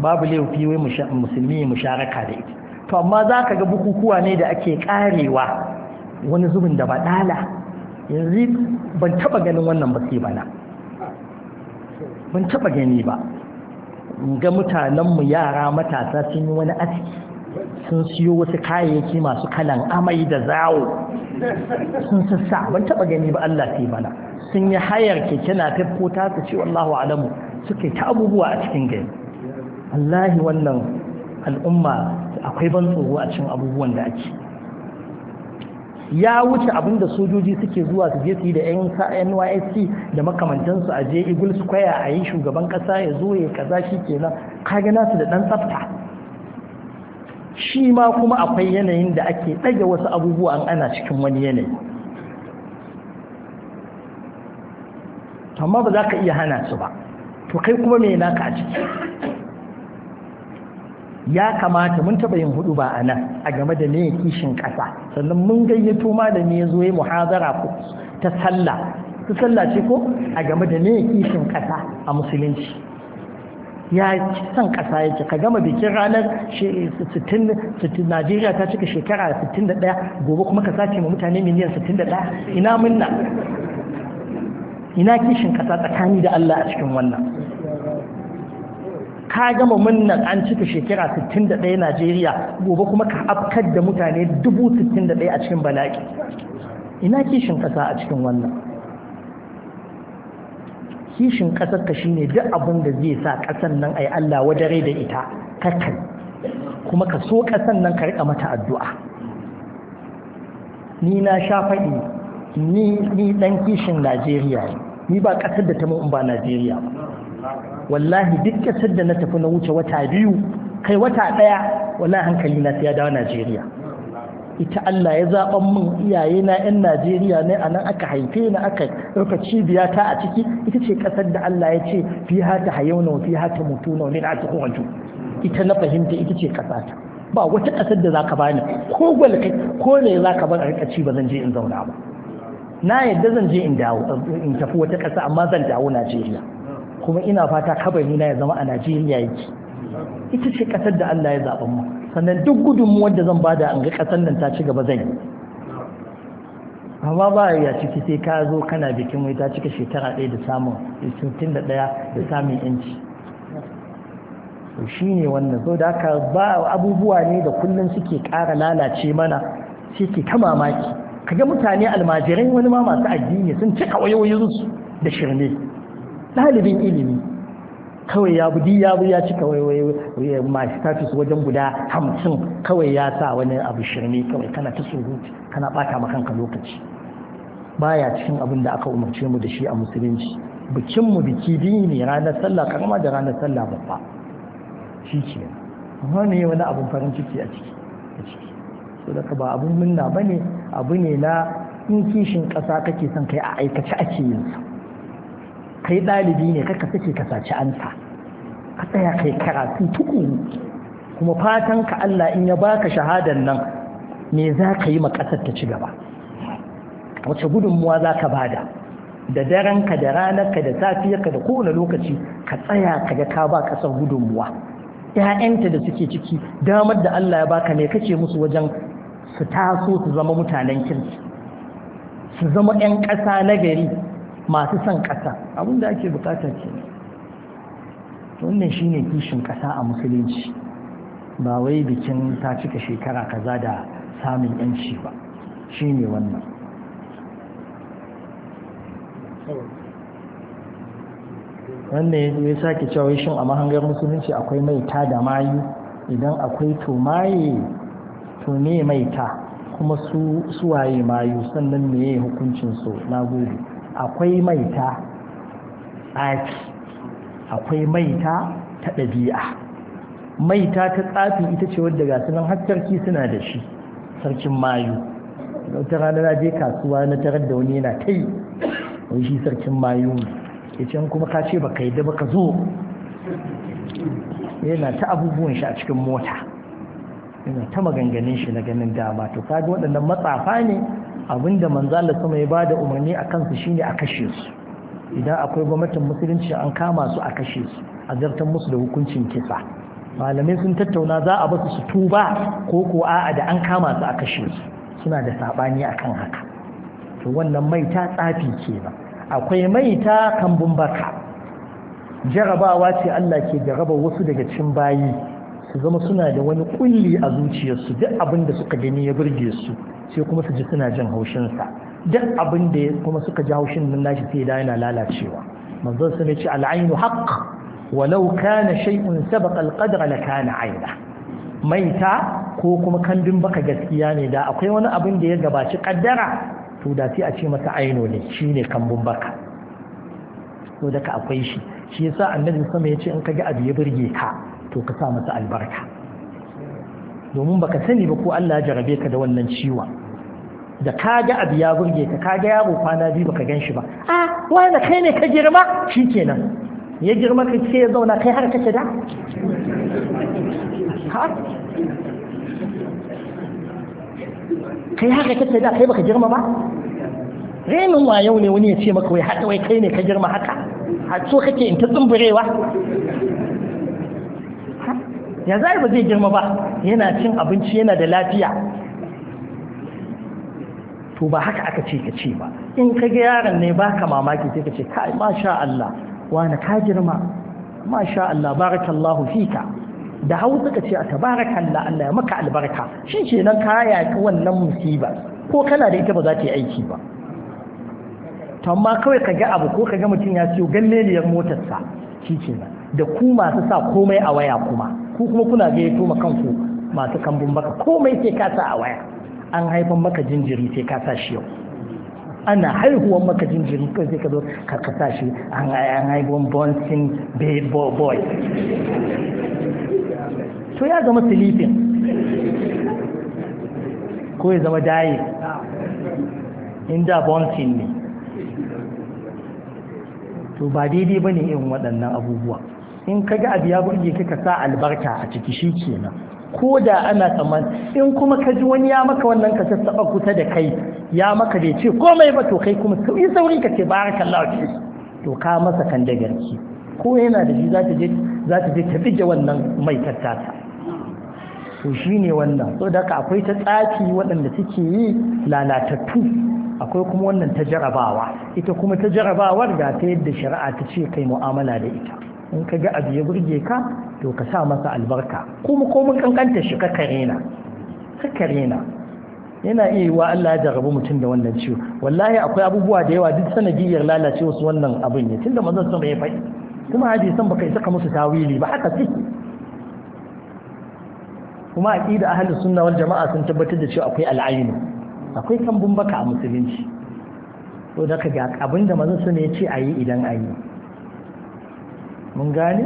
babu laifi wai musulmi musharaka da ita to amma za ka ga bukukuwa ne da ake ƙarewa wani zubin da baɗala yanzu ban taɓa ganin wannan ba sai bana ban taba gani ba ga mutanenmu yara matasa sun yi wani aski sun siyo wasu kayayyaki masu kalan amai da zawo sun sassa ban taba gani ba Allah sai bana sun yi hayar keke na ko ta su ce wallahu alamu suke ta abubuwa a cikin gari wallahi wannan al'umma akwai ban tsoro a cikin abubuwan da ake ya wuce abinda sojoji suke zuwa su je su yi da NYSC da makamantansu a je Eagle Square a yi shugaban kasa ya zo ya kaza shi kenan kaga nasu da dan tsafta shi ma kuma akwai yanayin da ake ɗage wasu abubuwa an ana cikin wani yanayi amma ba za ka iya hana su ba to kai kuma me naka a ciki ya kamata mun taɓa yin hudu ba a nan a game da ne kishin ƙasa sannan mun gayyato malami ya zo ya muhazara ta sallah ta sallah ce ko a game da ne kishin ƙasa a musulunci ya san ƙasa yake ka gama bikin ranar 60 najeriya ta cika shekara 61 gobe kuma ka sace ma mutane miliyan 61 ina munna ina kishin ƙasa tsakani da allah a cikin wannan ka gama munnan an cika shekara 61 Najeriya gobe kuma ka afkar da mutane 61 a cikin bala'i ina kishin ƙasa a cikin wannan kishin ƙasar ka shine duk abin da zai sa ƙasar nan ai Allah wadare da ita kakan kuma ka so ƙasar nan ka rika mata addu'a ni na sha faɗi ni ni dan kishin Najeriya ni ba ƙasar da ta mun ba Najeriya ba wallahi duk ƙasar da na tafi na wuce wata biyu kai wata ɗaya wallahi hankali na ya dawo Najeriya ita Allah ya zaban min iyaye na 'yan Najeriya ne a nan aka haife ni aka rufe cibiyata a ciki ita ce ƙasar da Allah ya ce fi hata hayauna fi hata mutuna ne na ta kowace ita na fahimta ita ce ƙasa ta ba wata ƙasar da zaka bani ko gwal kai ko ne zaka bar a ci ba zan je in zauna ba na yadda zan je in dawo in tafi wata ƙasa amma zan dawo Najeriya kuma ina fata kabari nuna ya zama a Najeriya yake ita ce kasar da Allah ya zaɓa mu sannan duk gudunmuwar da zan bada an ga kasar nan ta ci gaba zan yi amma ba ya ciki sai ka zo kana bikin mu ta cika shekara ɗaya da samun 61 da da samun yanci to shi ne wannan so da haka ba abubuwa ne da kullum suke ƙara lalace mana suke ta mamaki kaga mutane almajirai wani ma masu addini sun cika su da shirme ɗalibin ilimi kawai ya budi ya bu ya ci kawai masu tafis wajen guda hamsin kawai ya sa wani abu shirme kawai kana ta kana ɓata makanka lokaci baya cikin abin da aka umarce mu da shi a musulunci Bikinmu biki biyu ne ranar sallah karama da ranar sallah babba shi ke amma ne wani abin farin ciki a ciki a ciki so daga ba abin munna bane abu ne na in kishin ƙasa kake son kai a aikace ake yin su kai ɗalibi ne kaka sake ka saci ansa ka tsaya kai karatu tukun kuma fatan ka Allah in ya baka shahadan nan me za ka yi ma ta ci gaba wace gudunmuwa za ka bada da daren ka, da ranar ka, da safiyar ka, da kowane lokaci ka tsaya ka ga ka ba ƙasar gudunmuwa ‘ya'yanta da suke ciki damar da Allah ya baka ne kake musu wajen su taso su zama mutanen kirki su zama ‘yan ƙasa na gari masu son ƙasa abinda ake bukata ke wannan shi ne kishin ƙasa a musulunci ba wai bikin ta cika shekara kaza da samun yanci ba ne wannan wannan ya sake cewa shin a mahangar musulunci akwai maita da mayu idan akwai to maye to me maita kuma su suwaye mayu sannan meye hukuncin su na gode akwai maita tsafi akwai maita ta ɗabi'a maita ta tsafi ita ce wadda ga sunan har suna da shi sarkin mayu wata rana na je kasuwa na tarar da wani yana kai wani shi sarkin mayu ya ce kuma ka ce baka yadda baka zo yana ta abubuwan shi a cikin mota yana ta maganganun shi na ganin dama to kaji waɗannan matsafa ne abinda manzala sama ya ba da umarni a kansu shine a kashe su idan akwai gwamnatin musulunci an kama su a kashe su a zartar musu da hukuncin kisa malamai sun tattauna za a basu su tuba ko ko a'a da an kama su a kashe su suna da sabani akan haka to wannan mai ta tsafi kenan akwai mai ta kambun baka jarabawa ce Allah ke jaraba wasu daga cikin bayi su zama suna da wani kulli a zuciyarsu duk abin da suka gani ya burge su sai kuma su ji suna jin haushinsa duk abin da kuma suka ji haushin nan nashi sai da yana lalacewa manzon sun ce al'ainu haqq walau kana shay'un sabaqa al-qadra la kana aina maita ko kuma kandin baka gaskiya ne da akwai wani abin da ya gabaci kaddara to da sai a ce masa aino ne shine kambun baka to daka akwai shi shi yasa annabi sama ya ce in kaga abu ya burge ka to ka sa masa albarka domin baka sani ba ko Allah ya jarabe ka da wannan ciwon da ka ga abu ya burge ka ka ga yaro kwana biyu baka gan shi ba a ah, wani kai ne ka girma shikenan ya girma ka ce ya zauna kai har kace da ha kai har kace da kai baka girma ba wa yau ne wani ya ce maka wai haɗa wai kai ne ka girma haka a so kake in ta tsumburewa ya zai ba zai girma ba yana cin abinci yana da lafiya to ba haka aka ce ka ce ba in ka ga yaron ne ba ka mamaki sai ka ce kai masha Allah wani ka girma masha Allah barakallahu fika da hausa ka ce a tabarakallah Allah ya maka albarka shi ke nan ka yaƙi wannan musiba ko kana da ita ba za ta yi aiki ba to amma kawai ka ga abu ko ka ga mutum ya siyo galleliyar motarsa shi ke nan da ku masu sa komai a waya kuma ku kuma kuna gayyato ma kanku masu kambun baka komai sai ka a waya an haifan maka jinjiri sai ka sa shi yau ana haihuwan maka jinjiri kai sai ka zo ka kasa shi an haihuwan bonsin boy to ya zama silifin ko ya zama daye inda bonsin ne to ba daidai ba ne irin waɗannan abubuwa in ka ga abu ya burge ka ka sa albarka a ciki shi kenan ko da ana tsamman in kuma ka ji wani ya maka wannan ka sassaɓa kusa da kai ya maka bai ce komai ba to kai kuma sauyi sauri ka ce barakallahu ce to ka masa kan da garki ko yana da shi za ta je ta je wannan mai tattata to shine wannan so da ka akwai ta tsafi waɗanda suke yi lalatattu akwai kuma wannan ta jarabawa ita kuma ta jarabawar ga ta yadda shari'a ta ce kai mu'amala da ita in ka ga abu ya burge ka to ka sa masa albarka kuma mun kankanta shi ka karena ka karena yana iya wa Allah ya jarabu mutum da wannan ciwo wallahi akwai abubuwa da yawa duk sanadiyar lalace wasu wannan abin ne tunda manzon sama ya faɗi kuma hadisan baka isa ka musu tawili ba haka sai. kuma aqida ahlus sunna wal jama'a sun tabbatar da cewa akwai al'ayni akwai kambun baka a musulunci to da ka ga abinda manzon sama ya ce ayi idan ayi mun gane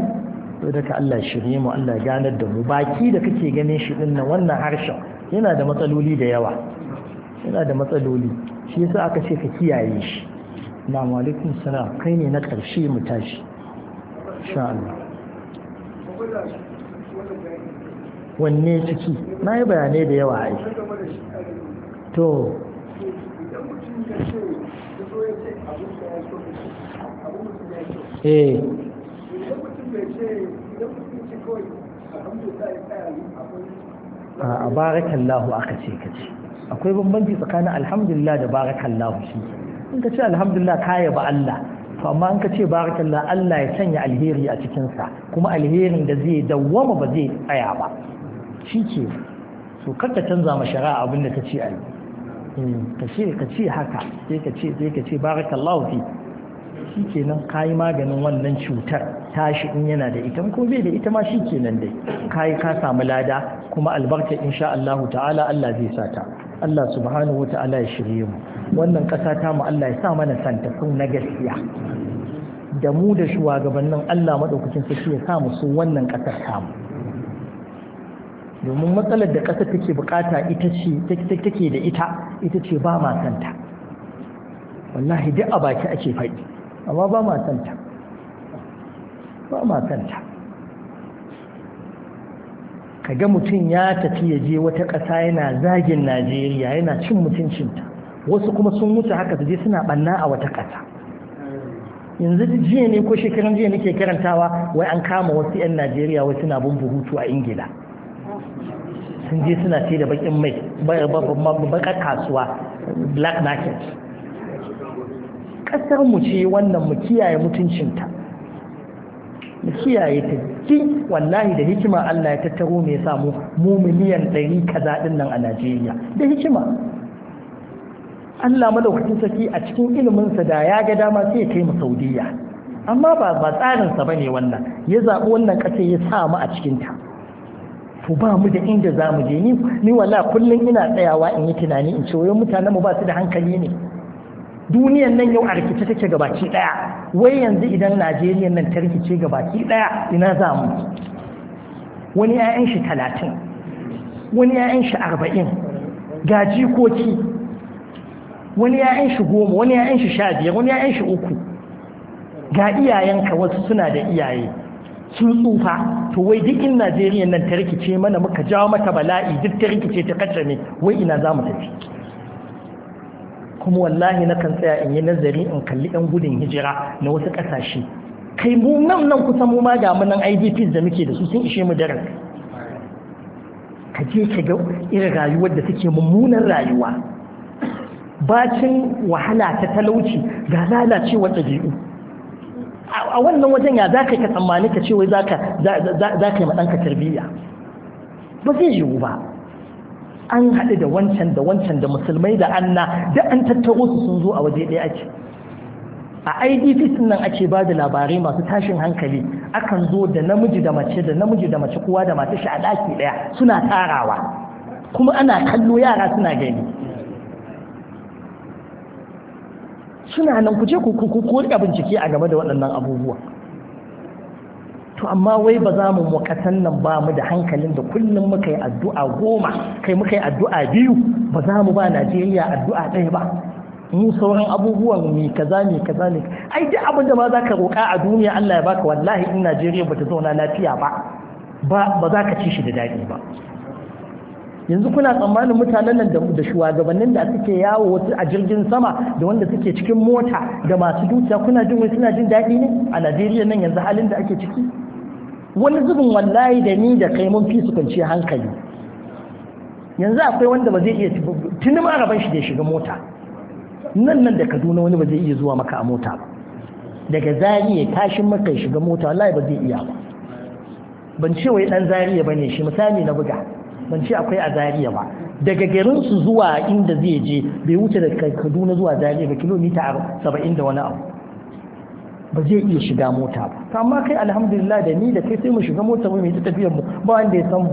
to daga Allah shirye mu Allah ganar da mu baki da kake ganin shi dinnan wannan harshen yana da matsaloli da yawa yana da matsaloli shi yasa aka ce ka kiyaye shi assalamu alaikum salam kai ne na karshe mu tashi insha Allah wanne ciki na yi bayanai da yawa ai to eh a barakallahu aka ce ka ce akwai bambanci tsakanin alhamdulillah da barakallahu shi in ka ce alhamdulillah ka yaba Allah to amma in ka ce barakallah Allah Allah ya sanya alheri a cikinsa kuma alherin da zai dawwama ba zai tsaya ba shi ke so karka canza ma shari'a abin da ka ce a yi hmm, ka ce haka sai ka ce sai ka ce barakallahu fi shi kenan kayi maganin wannan cutar tashi in yana da ita ko bai da ita ma shi kenan dai kayi ka samu lada kuma albarka insha Allah ta'ala Allah zai sa ta Allah subhanahu wata'ala ya shirye mu wannan ƙasa ta mu Allah ya sa mana santa sun na gaskiya da mu da shugabannin Allah madaukakin sarki ya sa mu su wannan ƙasar ta mu domin matsalar da kasar take bukata ita ce take da ita ita ce ba ma santa wallahi duk a baki ake faɗi amma ba ma ba ma Ka kaga mutum ya tafi ya je wata ƙasa yana zagin najeriya yana cin mutuncinta wasu kuma sun mutu haka su je suna ɓanna a wata ƙasa yanzu jiya ne ko shekarun jiya nake karantawa wai an kama wasu 'yan najeriya wai suna bin buhutu a ingila sun je suna ce da bakin mai bakar kasuwa black market kasar mu ce wannan mu kiyaye mutuncinta mu kiyaye ta ki wallahi da hikima Allah ya tattaro me ya samu mu miliyan ɗari kaza din nan a Najeriya da hikima Allah madaukakin saki a cikin iliminsa da ya ga dama sai ya kai mu Saudiya amma ba ba sa bane wannan ya zabi wannan ƙasar ya sa mu a cikin ta to ba mu da inda zamu je ni ni wala kullum ina tsayawa in yi tunani in ce wayo mutanen mu ba su da hankali ne duniyan nan yau a rikice take gabaki daya wai yanzu idan najeriya nan ta rikice gabaki daya ina za mu wani 'ya'yan shi talatin wani 'ya'yan shi arba'in ga jikoki wani 'ya'yan shi goma wani 'ya'yan shi sha biyar wani 'ya'yan shi uku ga iyayenka wasu suna da iyaye sun tsufa to wai duk in najeriya nan ta rikice mana muka jawo mata bala'i duk ta rikice ta kace ne wai ina za mu tafi kuma wallahi na kan tsaya in yi nazari in kalli 'yan gudun hijira na wasu ƙasashe kai mu nan nan kusa mu ma ga munan idps da muke da su sun ishe mu daren ka je ka ga irin rayuwar da take mummunan rayuwa bacin wahala ta talauci ga lalacewar ɗabi'u a wannan wajen ya za ka ka tsammani ka ce wai za ka yi ma ɗanka tarbiyya ba zai yiwu ba an haɗu da wancan da wancan da musulmai da anna da an tattaro su sun zo a waje ɗaya ake a idp nan ake ba da labarai masu tashin hankali akan zo da namiji da mace da namiji da mace kowa da mace shi a ɗaki ɗaya suna tarawa kuma ana kallo yara suna gani suna nan ku je ku ku ku bincike a game da waɗannan abubuwa to amma wai ba za mu mukatan nan ba mu da hankalin da kullum muka yi addu'a goma kai muka yi addu'a biyu ba za mu ba Najeriya addu'a ɗaya ba mu sauran abubuwan ne kaza ne kaza ne ai duk abin da ma za ka roƙa a duniya Allah ya baka wallahi in Najeriya ba ta zauna lafiya ba ba za ka ci shi da daɗi ba yanzu kuna tsammanin mutanen nan da shugabannin da suke yawo wasu a jirgin sama da wanda suke cikin mota da masu dukiya kuna jin wai suna jin daɗi ne a Najeriya nan yanzu halin da ake ciki wani zubin wallahi da ni da kai mun fi su kwanci hankali yanzu akwai wanda ba zai iya tuni ma raban shi da shiga mota nan nan da kaduna wani ba zai iya zuwa maka a mota ba daga zariya tashin maka shiga mota wallahi ba zai iya ba ban ce wai dan zariya bane shi misali na buga ban ce akwai a zariya ba daga garin su zuwa inda zai je bai wuce daga kaduna zuwa zariya ba kilomita 70 da wani abu ba zai iya shiga mota ba amma kai alhamdulillah da ni da kai sai mu shiga mota mu ta tafiyar mu ba wanda ya san mu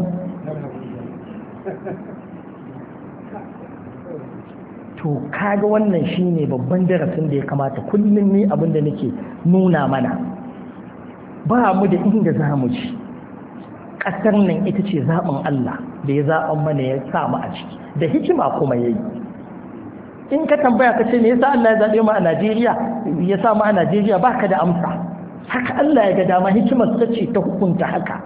to kaga wannan shine babban darasin da ya kamata kullum ne abin da nake nuna mana ba mu da inda za mu ci ƙasar nan ita ce zaɓin Allah da ya zaɓan mana ya sa mu a ciki da hikima kuma ya yi in ka tambaya ka ce me yasa Allah ya zaɓe mu a Najeriya ya sa mu a Najeriya baka da amsa haka Allah ya ga dama hikimar ta ce ta hukunta haka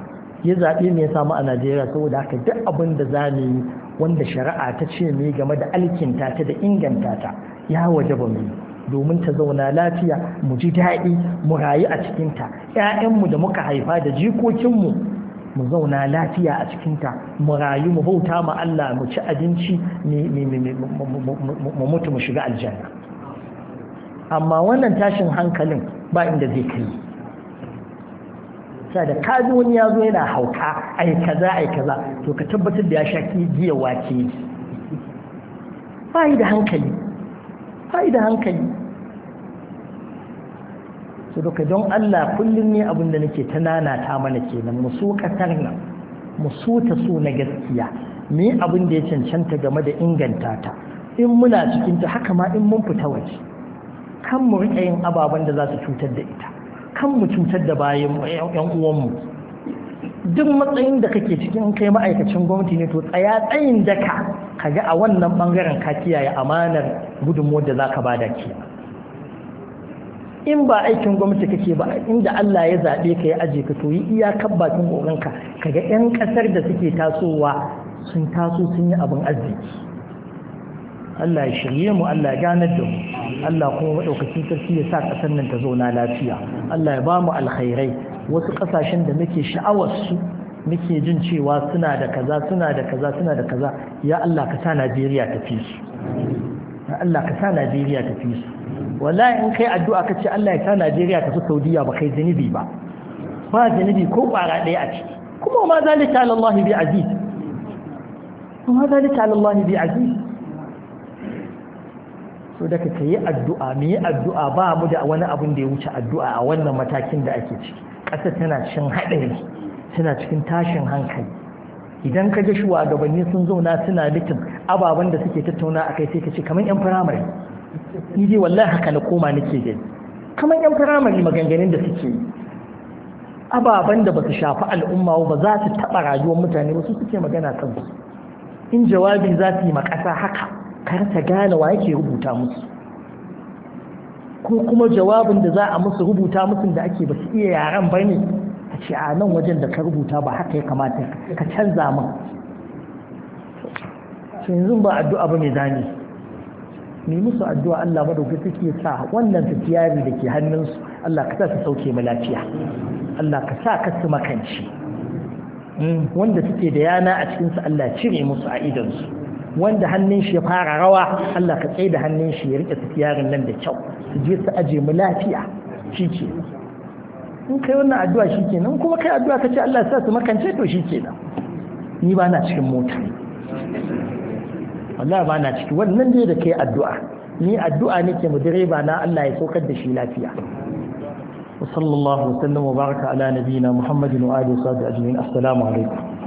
ya zaɓe me ya mu a Najeriya saboda haka duk abin da za mu yi wanda shari'a ta ce mu game da alkinta ta da inganta ta ya waje ba mu domin ta zauna lafiya mu ji daɗi mu rayu a cikinta 'ya'yanmu da muka haifa da jikokinmu mu zauna lafiya a cikinta mu rayu mu bauta ma Allah mu ci abinci mu mutu mu shiga aljanna amma wannan tashin hankalin ba inda zai kai sa da kaji wani ya zo yana hauka ai kaza ai kaza to ka tabbatar da ya sha giya wake ba yi hankali ba yi hankali to don Allah kullum ne abin da nake ta nanata mana kenan mu su nan mu ta so na gaskiya me abin da ya cancanta game da inganta ta in muna cikin ta haka ma in mun fita waje kan mu rike yin ababen da za su cutar da ita kan mu cutar da bayan yan uwanmu duk matsayin da kake cikin kai ma'aikacin gwamnati ne to tsaya tsayin daka kaga a wannan bangaren ka kiyaye amanar gudunmuwar da zaka bada kenan in ba aikin gwamnati kake ba inda Allah ya zaɓe ka ya aje ka to yi iyakar bakin ka kaga 'yan ƙasar da suke tasowa sun taso sun yi abin arziki Allah ya shirye mu Allah ya ganar da mu Allah kuma maɗaukacin sarki ya sa ƙasar nan ta zauna lafiya Allah ya ba mu alkhairai wasu ƙasashen da muke sha'awar su muke jin cewa suna da kaza suna da kaza suna da kaza ya Allah ka sa Najeriya ta fi su Allah ka sa Najeriya ta fi su wallahi in kai addu'a kace Allah ya sa Najeriya ta fi Saudiya ba kai zanibi ba ba zanibi ko kwara ɗaya a ciki kuma ma zalika ala bi aziz kuma zalika ala bi aziz so da ka yi addu'a me yi addu'a ba mu da wani abun da ya wuce addu'a a wannan matakin da ake ciki ƙasa tana cikin haɗari tana cikin tashin hankali idan ka ga shugabanni sun zauna suna litin ababen da suke tattauna a kai sai ka ce kamar 'yan firamare ni wallah haka na koma nake gani kamar yan firamare maganganun da suke yi ababen da ba su shafi al'umma ba za su taɓa rayuwar mutane ba suke magana kan su in jawabi za su yi ma ƙasa haka kar ta gane wa yake rubuta musu ko kuma jawabin da za a musu rubuta musu da ake ba su iya yaren ba ne a ce a nan wajen da ka rubuta ba haka ya kamata ka canza min yanzu ba addu'a ba mai zane mai musu addu'a Allah madaukaki suke sa wannan tafiyari da ke hannunsu Allah ka sa su sauke mu lafiya Allah ka sa ka su makanci mm, wanda suke da yana a cikinsu Allah cire musu a idansu wanda hannun shi ya fara rawa Allah ka tsaye da hannun shi ya rike tafiyarin nan da kyau su je su aje mu lafiya shi ke in kai wannan addu'a shi ke nan kuma kai addu'a ka ce Allah sa su makance to shi ke nan ni ba na cikin mota wallahi ba na ciki wannan dai da kai addu'a ni addu'a ke mu direba na Allah ya saukar da shi lafiya wa sallallahu wa baraka ala nabiyina muhammadin wa alihi wa sahbihi ajma'in assalamu alaikum